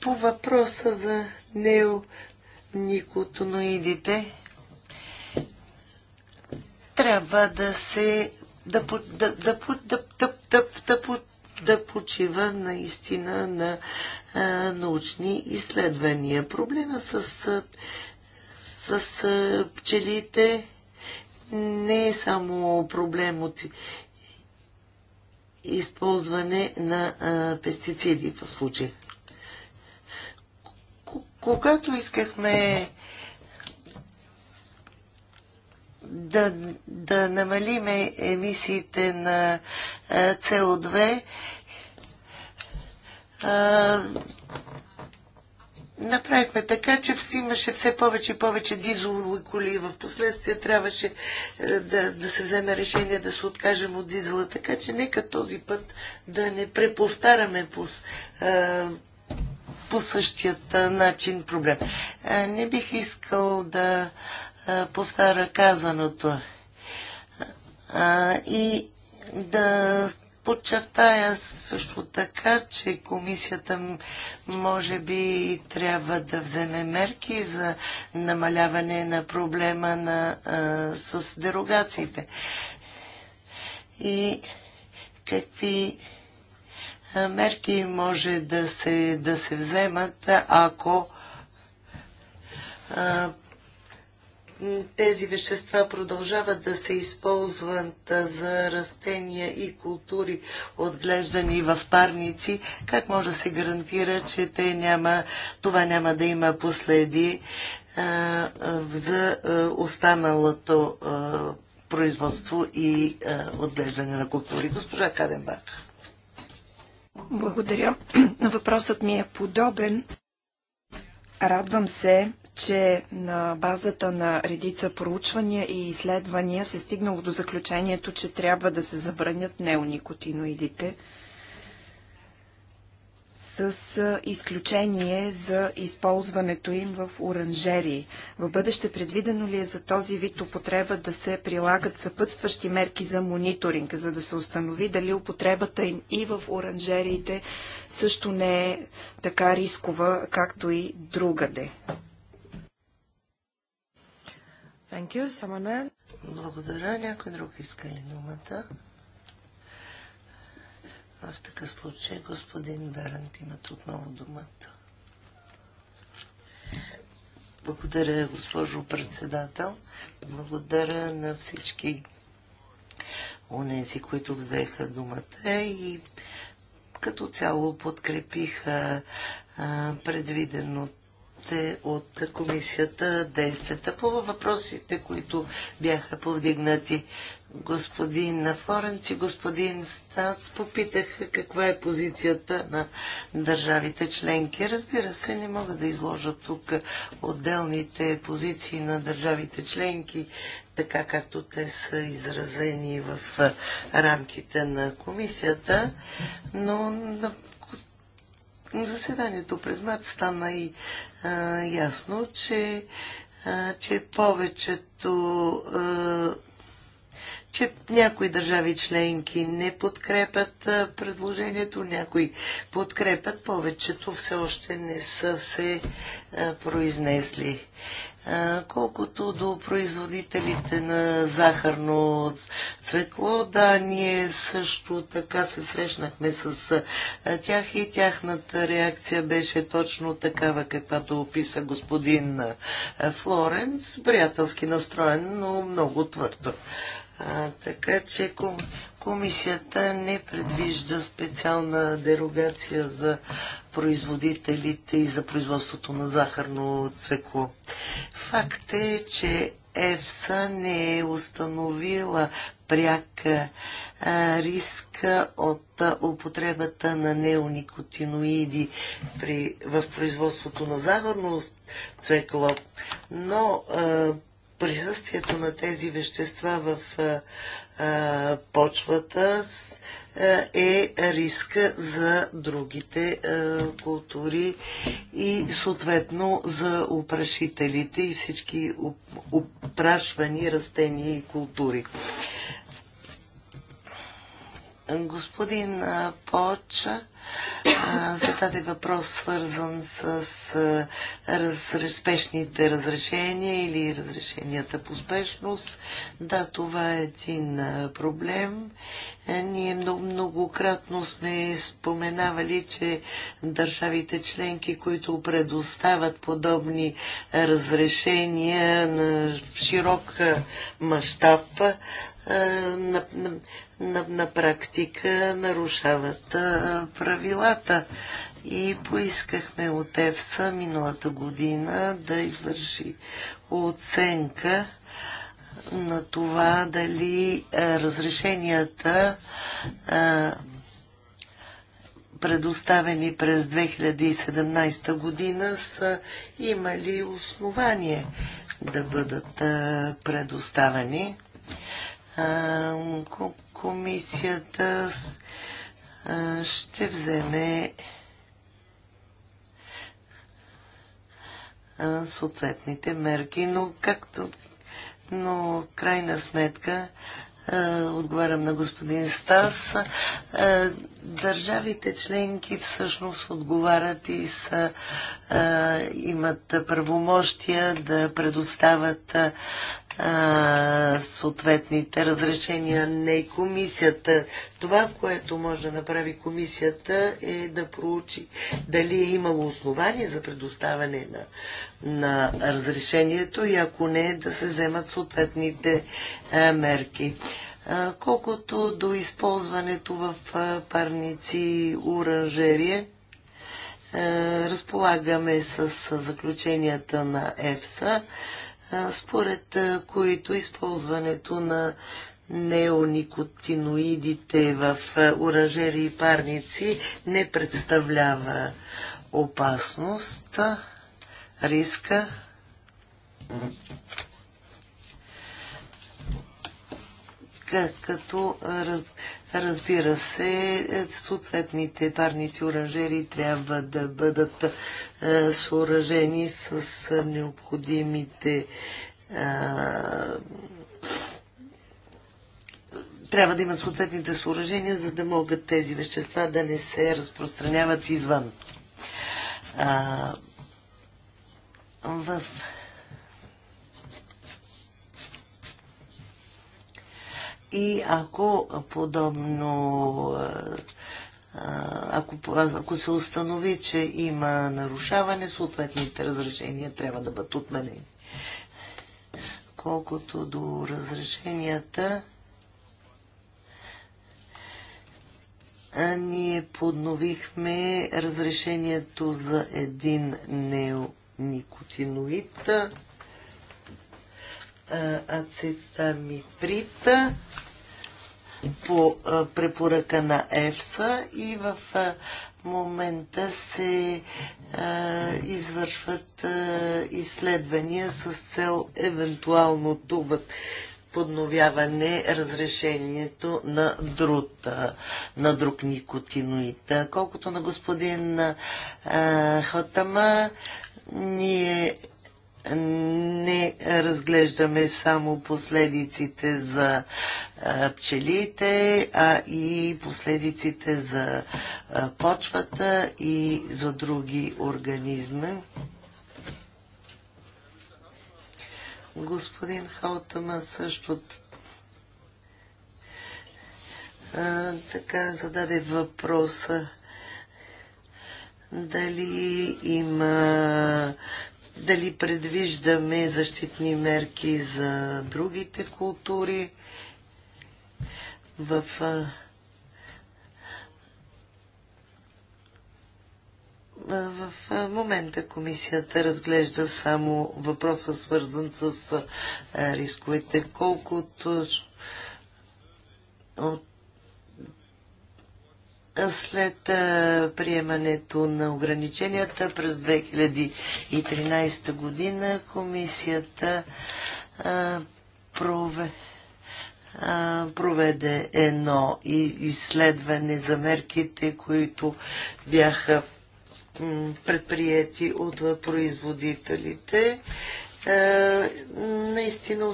По въпроса за неоникотиноидите трябва да се да, да, да, да, да, да, да, да почива наистина на а, научни изследвания. Проблема с с пчелите не е само проблем от използване на а, пестициди в случая. Когато искахме да, да намалиме емисиите на а, CO2, а, направихме така, че имаше все повече и повече дизелови коли. В последствие трябваше е, да, да се вземе решение да се откажем от дизела. Така че нека този път да не преповтаряме по, е, по същият е, начин проблем. Не бих искал да повтаря казаното и да подчертая също така, че комисията може би трябва да вземе мерки за намаляване на проблема на, а, с дерогациите. И какви мерки може да се, да се вземат, ако тези вещества продължават да се използват за растения и култури, отглеждани в парници, как може да се гарантира, че те няма, това няма да има последи а, а, за останалото а, производство и отглеждане на култури? Госпожа Каденбак. Благодаря. Въпросът ми е подобен. Радвам се, че на базата на редица проучвания и изследвания се стигнало до заключението, че трябва да се забранят неоникотиноидите с изключение за използването им в оранжерии. В бъдеще предвидено ли е за този вид употреба да се прилагат съпътстващи мерки за мониторинг, за да се установи дали употребата им и в оранжериите също не е така рискова, както и другаде? Thank you. Someone else? Благодаря. Някой друг иска ли думата? В такъв случай господин Берент имат отново думата. Благодаря, госпожо председател. Благодаря на всички унези, които взеха думата и като цяло подкрепиха предвиденото чухте от комисията действията по въпросите, които бяха повдигнати. Господин Флоренц и господин Стац попитаха каква е позицията на държавите членки. Разбира се, не мога да изложа тук отделните позиции на държавите членки, така както те са изразени в рамките на комисията, но на заседанието през март стана и ясно, че, а, че повечето а, че някои държави членки не подкрепят предложението, някои подкрепят, повечето все още не са се произнесли. Колкото до производителите на захарно цвекло, да, ние също така се срещнахме с тях и тяхната реакция беше точно такава, каквато описа господин Флоренц, приятелски настроен, но много твърдо. А, така че комисията не предвижда специална дерогация за производителите и за производството на захарно цвекло. Факт е, че ЕФСА не е установила пряк риск от употребата на неоникотиноиди при, в производството на захарно цвекло, но а, присъствието на тези вещества в а, а, почвата с, е, е риска за другите е, култури и съответно за опрашителите и всички опрашвани растения и култури. Господин Поча зададе въпрос, свързан с спешните разрешения или разрешенията по спешност. Да, това е един проблем. Е, ние много, многократно сме споменавали, че държавите членки, които предоставят подобни разрешения на широк мащаб, на, на, на, на практика нарушават правилата. И поискахме от ЕФСА миналата година да извърши оценка на това дали разрешенията предоставени през 2017 година са имали основание да бъдат предоставени комисията ще вземе съответните мерки, но както но крайна сметка отговарям на господин Стас. Държавите членки всъщност отговарят и са, имат правомощия да предоставят съответните разрешения, не комисията. Това, което може да направи комисията е да проучи дали е имало основание за предоставяне на, на разрешението и ако не, да се вземат съответните а, мерки. А, колкото до използването в а, парници оранжерие, разполагаме с заключенията на ЕФСА според които използването на неоникотиноидите в оранжери и парници не представлява опасност, риска. Като раз, Разбира се, е, съответните парници оранжери трябва да бъдат е, съоръжени с е, необходимите е, трябва да имат съответните съоръжения, за да могат тези вещества да не се разпространяват извън. в и ако подобно ако, ако се установи, че има нарушаване, съответните разрешения трябва да бъдат отменени. Колкото до разрешенията, ние подновихме разрешението за един неоникотиноид ацетамиприта по препоръка на ЕФСА и в момента се извършват изследвания с цел евентуалното подновяване разрешението на, друг, на друг никотиноид. Колкото на господин Хотама, ние не разглеждаме само последиците за пчелите, а и последиците за почвата и за други организми. Господин Халтама също така зададе въпроса дали има дали предвиждаме защитни мерки за другите култури в в момента комисията разглежда само въпроса свързан с рисковете. Колкото от след приемането на ограниченията през 2013 година комисията прове, проведе едно изследване за мерките, които бяха предприяти от производителите. Наистина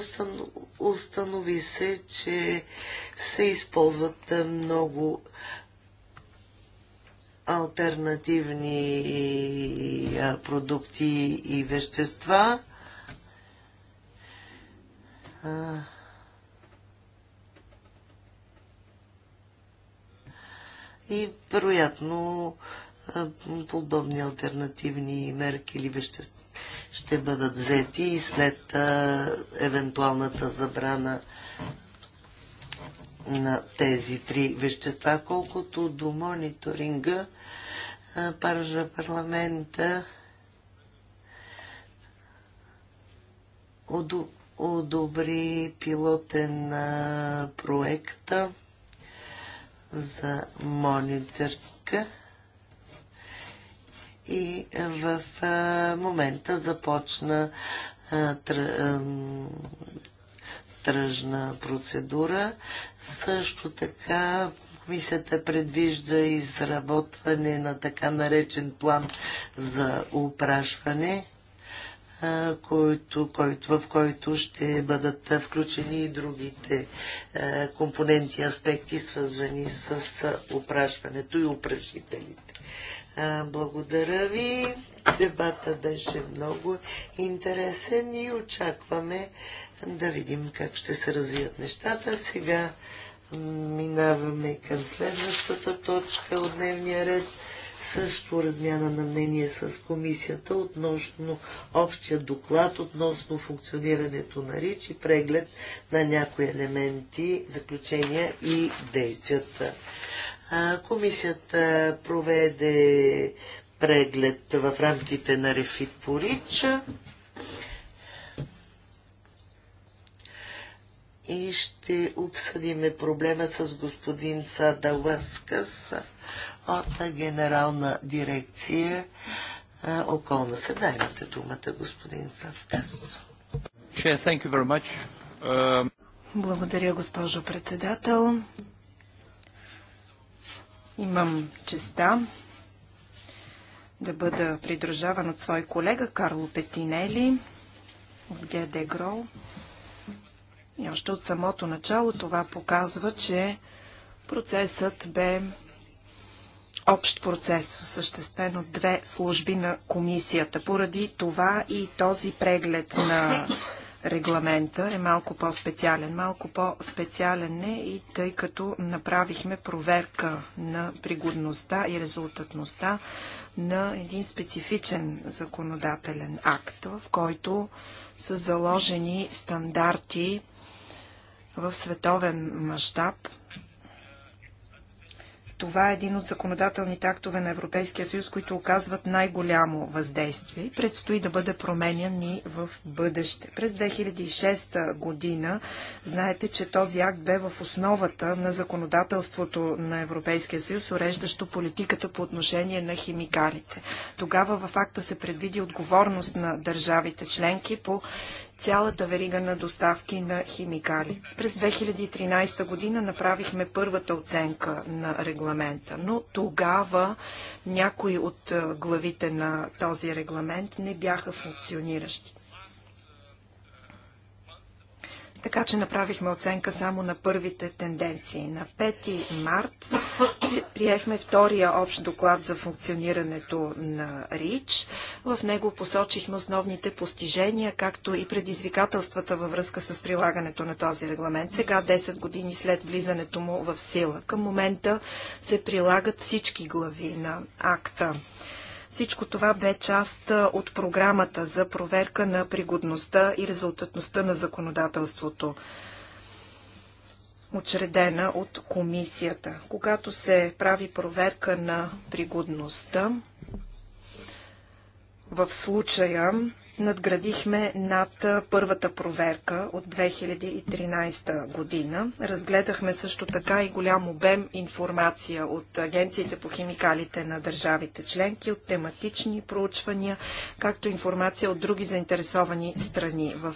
установи се, че се използват много альтернативни продукти и вещества. И вероятно подобни альтернативни мерки или вещества ще бъдат взети и след евентуалната забрана на тези три вещества, колкото до мониторинга пар парламента одобри пилотен проект за мониторка и в момента започна тръжна процедура. Също така Комисията предвижда изработване на така наречен план за опрашване, който, който, в който ще бъдат включени и другите компоненти, аспекти, свързвани с опрашването и упрашителите. Благодаря ви. Дебата беше много интересен и очакваме да видим как ще се развият нещата. Сега минаваме към следващата точка от дневния ред. Също размяна на мнение с комисията относно общия доклад относно функционирането на РИЧ и преглед на някои елементи, заключения и действията. Комисията проведе преглед в рамките на Рефит Порича. и ще обсъдиме проблема с господин Садаласкас от Генерална дирекция околна среда. Имате думата, господин Савкас. Uh, Благодаря, госпожо председател. Имам честа да бъда придружаван от свой колега Карло Петинели от ГД Грол. И още от самото начало това показва, че процесът бе общ процес, осъществен от две служби на комисията. Поради това и този преглед на регламента е малко по-специален. Малко по-специален е и тъй като направихме проверка на пригодността и резултатността на един специфичен законодателен акт, в който са заложени стандарти в световен мащаб това е един от законодателните актове на Европейския съюз, които оказват най-голямо въздействие и предстои да бъде променян и в бъдеще. През 2006 година знаете, че този акт бе в основата на законодателството на Европейския съюз, уреждащо политиката по отношение на химикалите. Тогава в акта се предвиди отговорност на държавите членки по цялата верига на доставки на химикали. През 2013 година направихме първата оценка на регламента, но тогава някои от главите на този регламент не бяха функциониращи. Така че направихме оценка само на първите тенденции. На 5 март приехме втория общ доклад за функционирането на РИЧ. В него посочихме основните постижения, както и предизвикателствата във връзка с прилагането на този регламент. Сега, 10 години след влизането му в сила. Към момента се прилагат всички глави на акта. Всичко това бе част от програмата за проверка на пригодността и резултатността на законодателството, учредена от комисията. Когато се прави проверка на пригодността, в случая надградихме над първата проверка от 2013 година. Разгледахме също така и голям обем информация от агенциите по химикалите на държавите членки, от тематични проучвания, както информация от други заинтересовани страни. В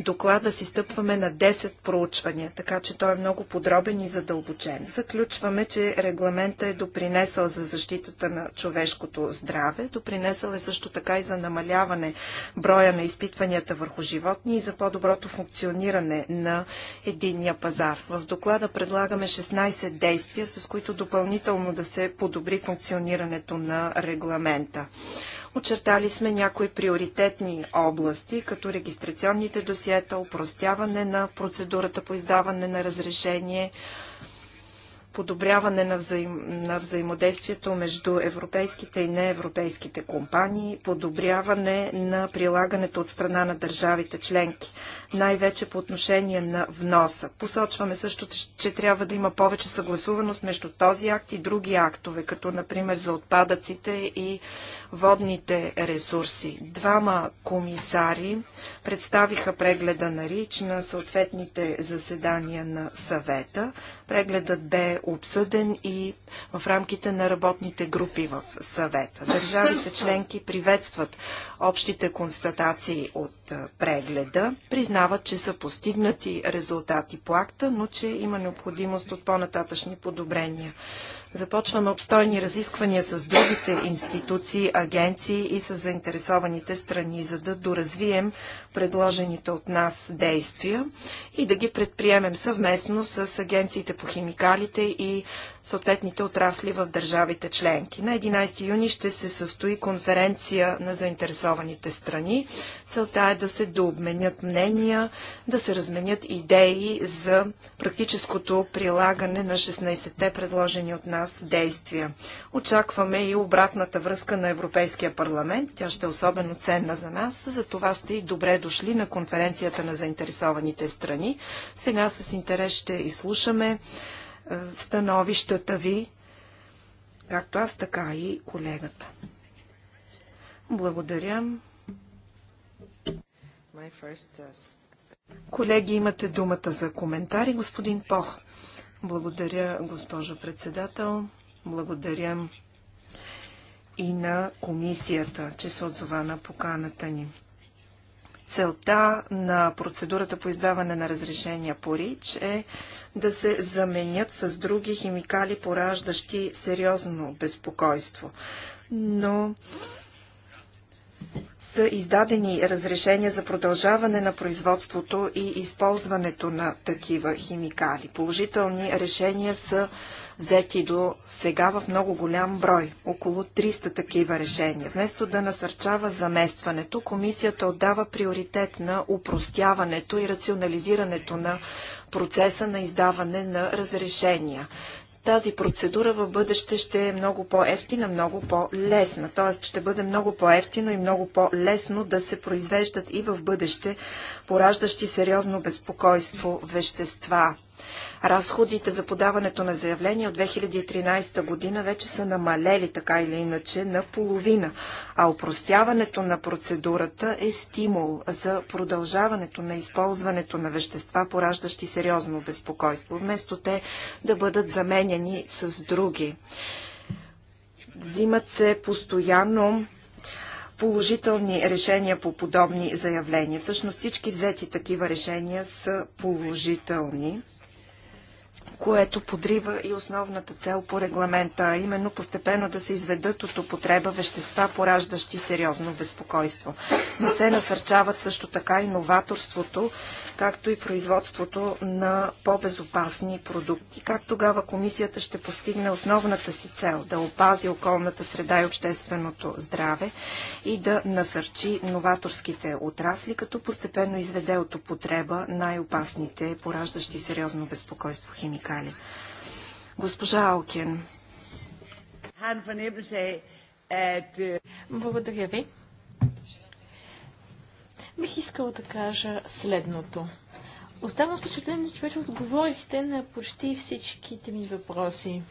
доклада си стъпваме на 10 проучвания, така че той е много подробен и задълбочен. Заключваме, че регламента е допринесъл за защитата на човешкото здраве, допринесъл е също така и за намаляване броя на изпитванията върху животни и за по-доброто функциониране на единния пазар. В доклада предлагаме 16 действия, с които допълнително да се подобри функционирането на регламента. Очертали сме някои приоритетни области, като регистрационните досиета, упростяване на процедурата по издаване на разрешение, подобряване на, взаим, на взаимодействието между европейските и неевропейските компании, подобряване на прилагането от страна на държавите членки, най-вече по отношение на вноса. Посочваме също, че трябва да има повече съгласуваност между този акт и други актове, като например за отпадъците и водните ресурси. Двама комисари представиха прегледа на РИЧ на съответните заседания на съвета. Прегледът бе обсъден и в рамките на работните групи в съвета. Държавите членки приветстват общите констатации от прегледа, признават, че са постигнати резултати по акта, но че има необходимост от по-нататъчни подобрения. Започваме обстойни разисквания с другите институции, агенции и с заинтересованите страни, за да доразвием предложените от нас действия и да ги предприемем съвместно с агенциите по химикалите и съответните отрасли в държавите членки. На 11 юни ще се състои конференция на заинтересованите страни. Целта е да се дообменят мнения, да се разменят идеи за практическото прилагане на 16-те предложени от нас нас действия. Очакваме и обратната връзка на Европейския парламент. Тя ще е особено ценна за нас. За това сте и добре дошли на конференцията на заинтересованите страни. Сега с интерес ще изслушаме е, становищата ви, както аз, така и колегата. Благодаря. Uh, Колеги, имате думата за коментари. Господин Пох. Благодаря, госпожо председател. Благодаря и на комисията, че се отзова на поканата ни. Целта на процедурата по издаване на разрешения по РИЧ е да се заменят с други химикали, пораждащи сериозно безпокойство. Но са издадени разрешения за продължаване на производството и използването на такива химикали. Положителни решения са взети до сега в много голям брой, около 300 такива решения. Вместо да насърчава заместването, комисията отдава приоритет на упростяването и рационализирането на процеса на издаване на разрешения тази процедура в бъдеще ще е много по-ефтина, много по-лесна. Тоест ще бъде много по-ефтино и много по-лесно да се произвеждат и в бъдеще пораждащи сериозно безпокойство вещества. Разходите за подаването на заявление от 2013 година вече са намалели така или иначе на половина, а упростяването на процедурата е стимул за продължаването на използването на вещества, пораждащи сериозно безпокойство, вместо те да бъдат заменени с други. Взимат се постоянно положителни решения по подобни заявления. Всъщност всички взети такива решения са положителни което подрива и основната цел по регламента, а именно постепенно да се изведат от употреба вещества, пораждащи сериозно безпокойство. Не се насърчават също така и новаторството както и производството на по-безопасни продукти. Как тогава комисията ще постигне основната си цел да опази околната среда и общественото здраве и да насърчи новаторските отрасли, като постепенно изведе от употреба най-опасните, пораждащи сериозно безпокойство химикали? Госпожа Алкен. Благодаря ви бих искала да кажа следното. Оставам с впечатление, че вече отговорихте на почти всичките ми въпроси.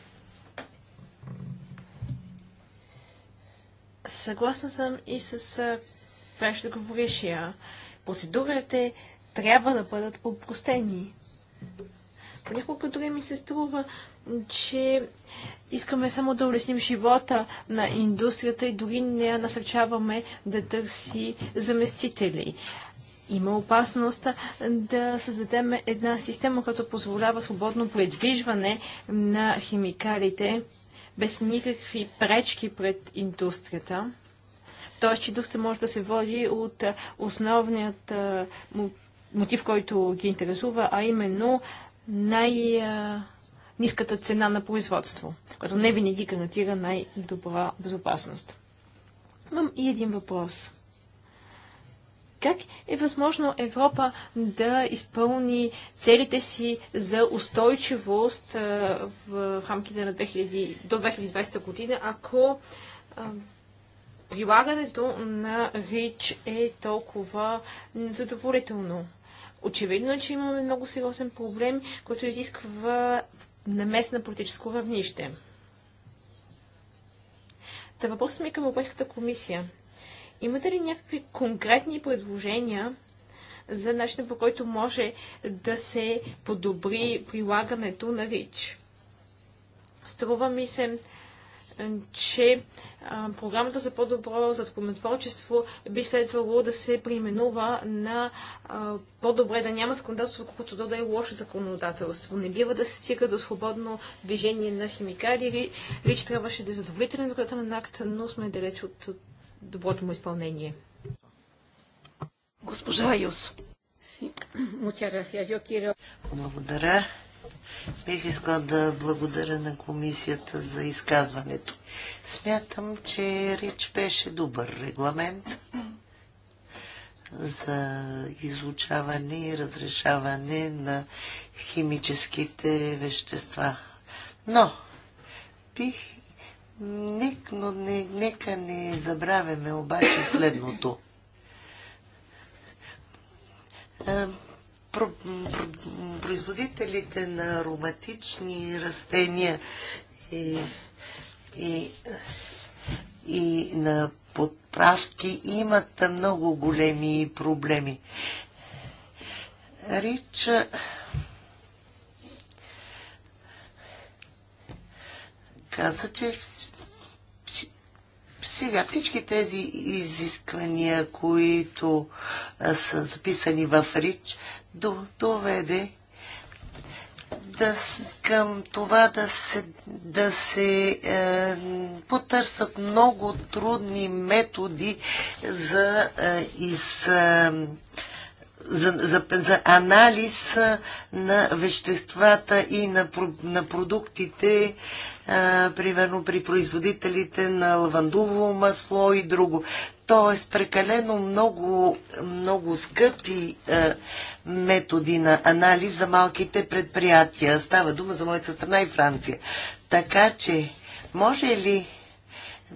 Съгласна съм и с преждеговорившия. Процедурите трябва да бъдат упростени. Понякога дори ми се струва, че искаме само да улесним живота на индустрията и дори не я насърчаваме да търси заместители. Има опасност да създадем една система, която позволява свободно предвижване на химикалите без никакви пречки пред индустрията. Тоест, че духта може да се води от основният мотив, който ги интересува, а именно най- Ниската цена на производство, което не винаги гарантира най-добра безопасност. Имам и един въпрос. Как е възможно Европа да изпълни целите си за устойчивост в, рамките на 2000, до 2020 година, ако прилагането на РИЧ е толкова задоволително? Очевидно е, че имаме много сериозен проблем, който изисква мест на политическо равнище. Та въпросът ми към Европейската комисия. Имате ли някакви конкретни предложения за начина по който може да се подобри прилагането на РИЧ? Струва ми се, че програмата за по-добро законотворчество би следвало да се преименува на по-добре да няма законодателство, колкото да, е лошо законодателство. Не бива да се стига до свободно движение на химикали. Рич трябваше да е задоволителен на акт, но сме далеч от доброто му изпълнение. Госпожа Юс. Благодаря. Бих искала да благодаря на комисията за изказването. Смятам, че реч беше добър регламент за изучаване и разрешаване на химическите вещества. Но, бих, нек, но не, нека не забравяме обаче следното производителите на ароматични растения и, и, и на подправки имат много големи проблеми. Рич каза, че сега всички тези изисквания, които са записани в РИЧ, доведе да, към това да се, да се е, потърсят много трудни методи за е, из, е, за, за, за анализ на веществата и на, на продуктите, а, примерно при производителите на лавандулово масло и друго. Тоест прекалено много, много скъпи а, методи на анализ за малките предприятия. Става дума за моята страна и Франция. Така че, може ли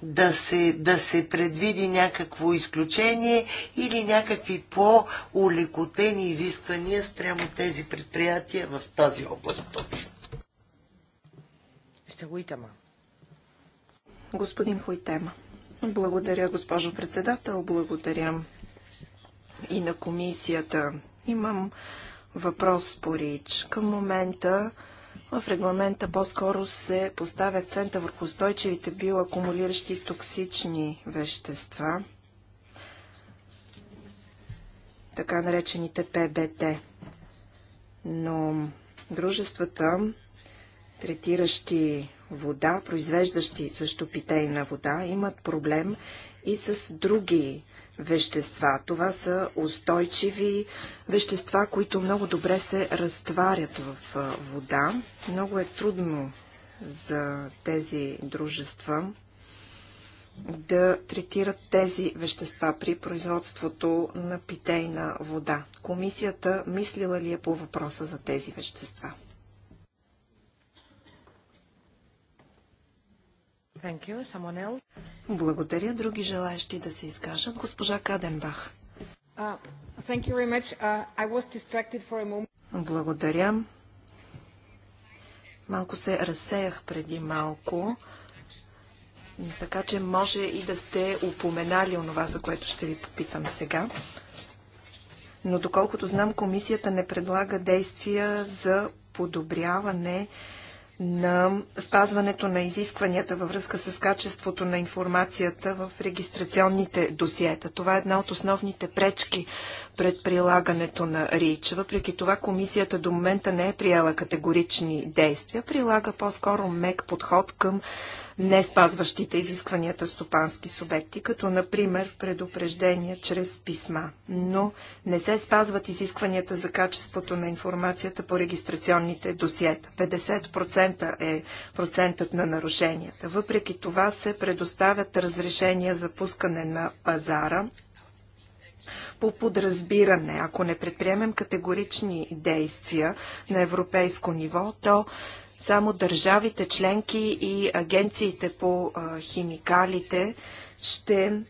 да се, да се предвиди някакво изключение или някакви по-улекотени изисквания спрямо тези предприятия в тази област точно. Господин Хуйтема, Благодаря, госпожо председател. Благодаря и на комисията. Имам въпрос по РИЧ. Към момента в регламента по-скоро се поставя акцента върху устойчивите биоакумулиращи токсични вещества, така наречените ПБТ. Но дружествата, третиращи вода, произвеждащи също питейна вода, имат проблем и с други вещества. Това са устойчиви вещества, които много добре се разтварят в вода. Много е трудно за тези дружества да третират тези вещества при производството на питейна вода. Комисията мислила ли е по въпроса за тези вещества? Thank you. Someone else? Благодаря. Други желаящи да се изкажат. Госпожа Каденбах. Uh, thank you very much. Uh, I was distracted for a moment. Благодаря. Малко се разсеях преди малко, така че може и да сте упоменали онова, за което ще ви попитам сега. Но доколкото знам, комисията не предлага действия за подобряване на спазването на изискванията във връзка с качеството на информацията в регистрационните досиета. Това е една от основните пречки пред прилагането на РИЧ. Въпреки това комисията до момента не е приела категорични действия, прилага по-скоро мек подход към не спазващите изискванията стопански субекти, като например предупреждения чрез писма, но не се спазват изискванията за качеството на информацията по регистрационните досиета. 50% е процентът на нарушенията. Въпреки това се предоставят разрешения за пускане на пазара по подразбиране. Ако не предприемем категорични действия на европейско ниво, то само държавите членки и агенциите по химикалите ще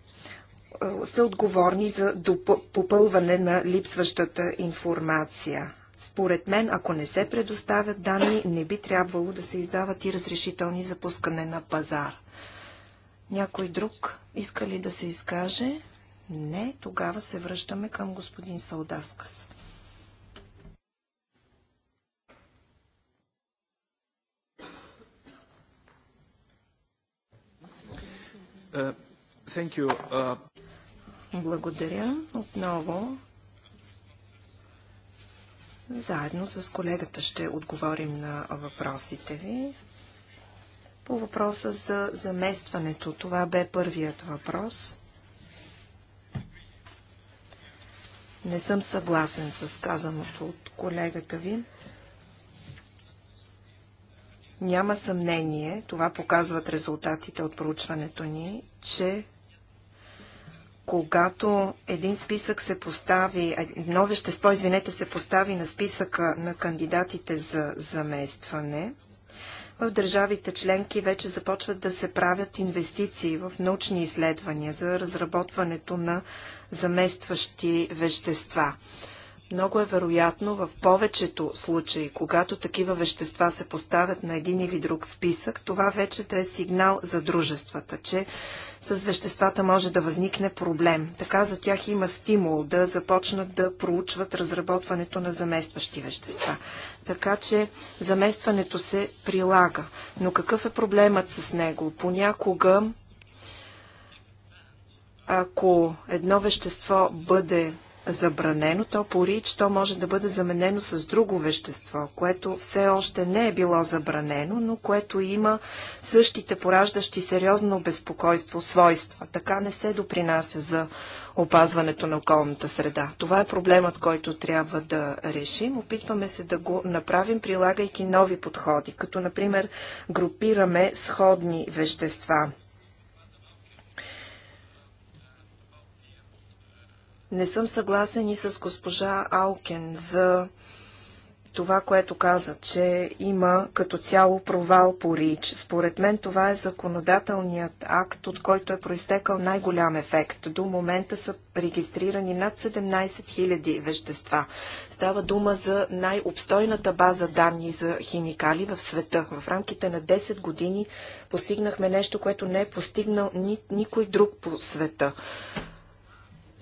са отговорни за попълване на липсващата информация. Според мен, ако не се предоставят данни, не би трябвало да се издават и разрешителни за пускане на пазар. Някой друг иска ли да се изкаже? Не, тогава се връщаме към господин Салдаскас. thank you. Uh, Благодаря. Отново заедно с колегата ще отговорим на въпросите ви. По въпроса за заместването, това бе първият въпрос. Не съм съгласен с казаното от колегата ви. Няма съмнение, това показват резултатите от проучването ни, че когато един списък се постави, едно вещество, извинете, се постави на списъка на кандидатите за заместване, в държавите членки вече започват да се правят инвестиции в научни изследвания за разработването на заместващи вещества. Много е вероятно в повечето случаи, когато такива вещества се поставят на един или друг списък, това вече да е сигнал за дружествата, че с веществата може да възникне проблем. Така за тях има стимул да започнат да проучват разработването на заместващи вещества. Така че заместването се прилага. Но какъв е проблемът с него? Понякога ако едно вещество бъде забранено, то по РИЧ то може да бъде заменено с друго вещество, което все още не е било забранено, но което има същите пораждащи сериозно безпокойство свойства. Така не се допринася за опазването на околната среда. Това е проблемът, който трябва да решим. Опитваме се да го направим, прилагайки нови подходи, като например групираме сходни вещества – Не съм съгласен и с госпожа Алкен за това, което каза, че има като цяло провал по РИЧ. Според мен това е законодателният акт, от който е проистекал най-голям ефект. До момента са регистрирани над 17 000 вещества. Става дума за най-обстойната база данни за химикали в света. В рамките на 10 години постигнахме нещо, което не е постигнал ни, никой друг по света.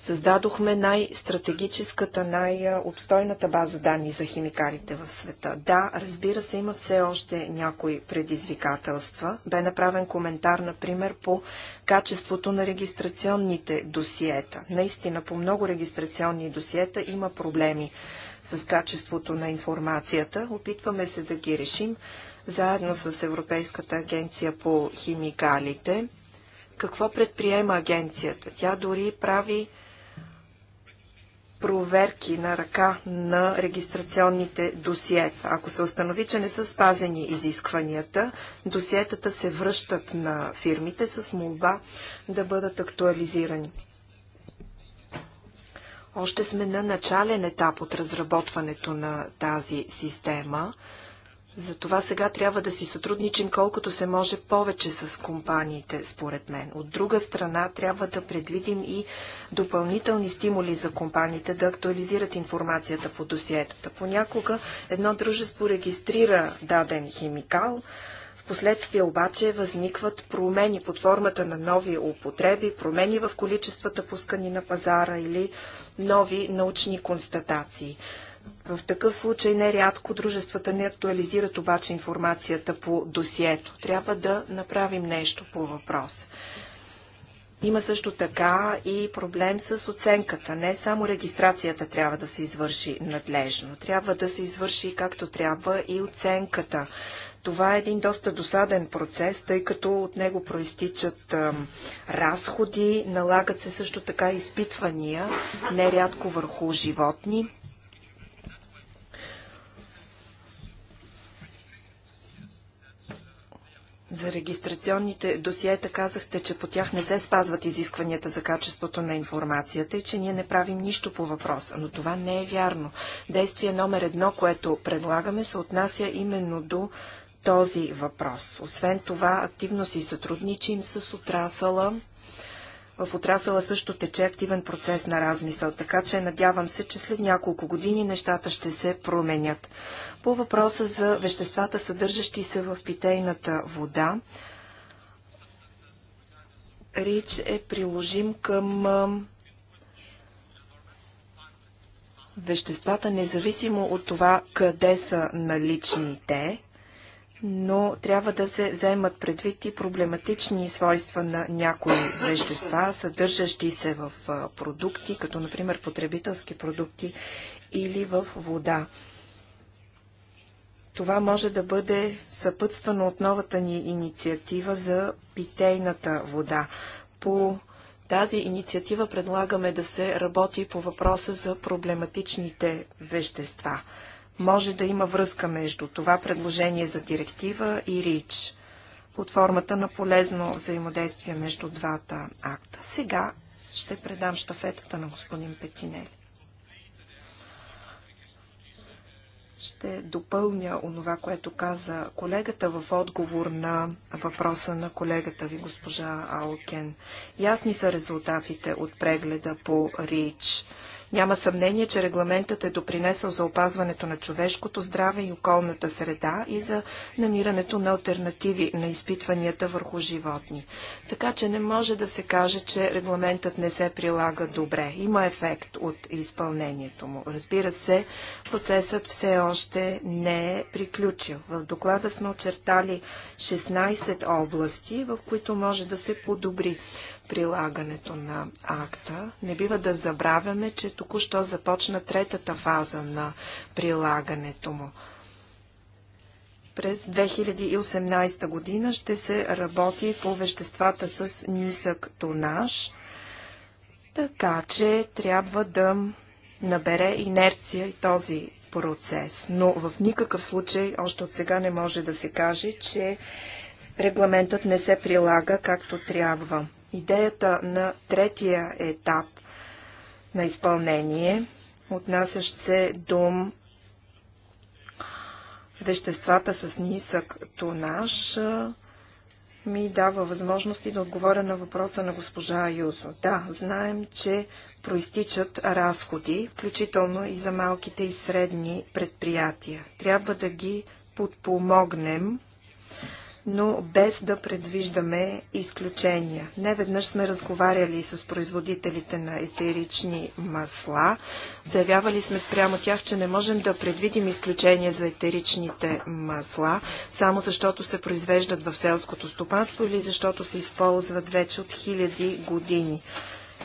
Създадохме най-стратегическата, най-обстойната база данни за химикалите в света. Да, разбира се, има все още някои предизвикателства. Бе направен коментар, например, по качеството на регистрационните досиета. Наистина, по много регистрационни досиета има проблеми с качеството на информацията. Опитваме се да ги решим заедно с Европейската агенция по химикалите. Какво предприема агенцията? Тя дори прави проверки на ръка на регистрационните досиета. Ако се установи, че не са спазени изискванията, досиетата се връщат на фирмите с молба да бъдат актуализирани. Още сме на начален етап от разработването на тази система. Затова сега трябва да си сътрудничим колкото се може повече с компаниите, според мен. От друга страна, трябва да предвидим и допълнителни стимули за компаниите да актуализират информацията по досиетата. Понякога едно дружество регистрира даден химикал, Впоследствие обаче възникват промени под формата на нови употреби, промени в количествата пускани на пазара или нови научни констатации. В такъв случай нерядко дружествата не актуализират обаче информацията по досието. Трябва да направим нещо по въпрос. Има също така и проблем с оценката. Не само регистрацията трябва да се извърши надлежно. Трябва да се извърши както трябва и оценката. Това е един доста досаден процес, тъй като от него проистичат а, разходи, налагат се също така изпитвания, нерядко върху животни. За регистрационните досиета казахте, че по тях не се спазват изискванията за качеството на информацията и че ние не правим нищо по въпроса, но това не е вярно. Действие номер едно, което предлагаме, се отнася именно до този въпрос. Освен това, активно си сътрудничим с отрасъла, в отрасъла също тече активен процес на размисъл, така че надявам се, че след няколко години нещата ще се променят. По въпроса за веществата, съдържащи се в питейната вода, РИЧ е приложим към веществата, независимо от това къде са наличните. те, но трябва да се вземат предвид и проблематични свойства на някои вещества, съдържащи се в продукти, като например потребителски продукти или в вода. Това може да бъде съпътствано от новата ни инициатива за питейната вода. По тази инициатива предлагаме да се работи по въпроса за проблематичните вещества – може да има връзка между това предложение за директива и РИЧ под формата на полезно взаимодействие между двата акта. Сега ще предам штафетата на господин Петинели. Ще допълня онова, което каза колегата в отговор на въпроса на колегата ви, госпожа Аукен. Ясни са резултатите от прегледа по РИЧ. Няма съмнение, че регламентът е допринесъл за опазването на човешкото здраве и околната среда и за намирането на альтернативи на изпитванията върху животни. Така че не може да се каже, че регламентът не се прилага добре. Има ефект от изпълнението му. Разбира се, процесът все още не е приключил. В доклада сме очертали 16 области, в които може да се подобри прилагането на акта. Не бива да забравяме, че току-що започна третата фаза на прилагането му. През 2018 година ще се работи по веществата с нисък тонаж, така че трябва да набере инерция и този процес. Но в никакъв случай още от сега не може да се каже, че регламентът не се прилага както трябва. Идеята на третия етап на изпълнение, отнасящ се до веществата с нисък тонаж, ми дава възможности да отговоря на въпроса на госпожа Юзо. Да, знаем, че проистичат разходи, включително и за малките и средни предприятия. Трябва да ги подпомогнем но без да предвиждаме изключения. Не веднъж сме разговаряли с производителите на етерични масла. Заявявали сме спрямо тях, че не можем да предвидим изключения за етеричните масла, само защото се произвеждат в селското стопанство или защото се използват вече от хиляди години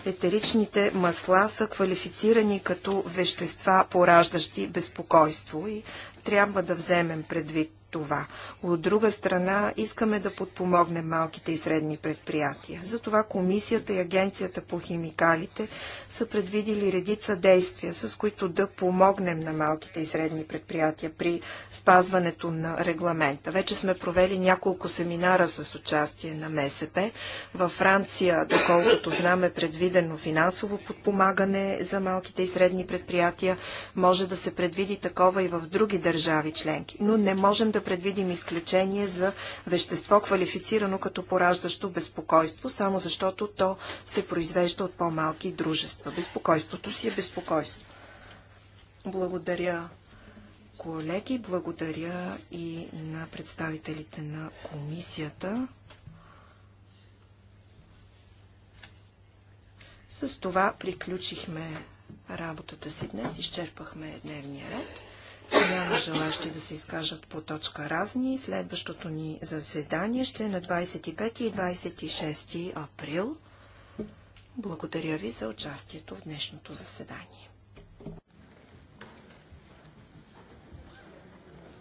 етеричните масла са квалифицирани като вещества, пораждащи безпокойство и трябва да вземем предвид това. От друга страна, искаме да подпомогнем малките и средни предприятия. Затова комисията и агенцията по химикалите са предвидили редица действия, с които да помогнем на малките и средни предприятия при спазването на регламента. Вече сме провели няколко семинара с участие на МСП. Във Франция, доколкото знам, е предвидено финансово подпомагане за малките и средни предприятия. Може да се предвиди такова и в други държави членки. Но не можем да предвидим изключение за вещество, квалифицирано като пораждащо безпокойство, само защото то се произвежда от по-малки дружества. Безпокойството си е безпокойство. Благодаря, колеги. Благодаря и на представителите на комисията. С това приключихме работата си днес. Изчерпахме дневния ред. Няма желащи да се изкажат по точка разни. Следващото ни заседание ще е на 25 и 26 април. Благодаря ви за участието в днешното заседание.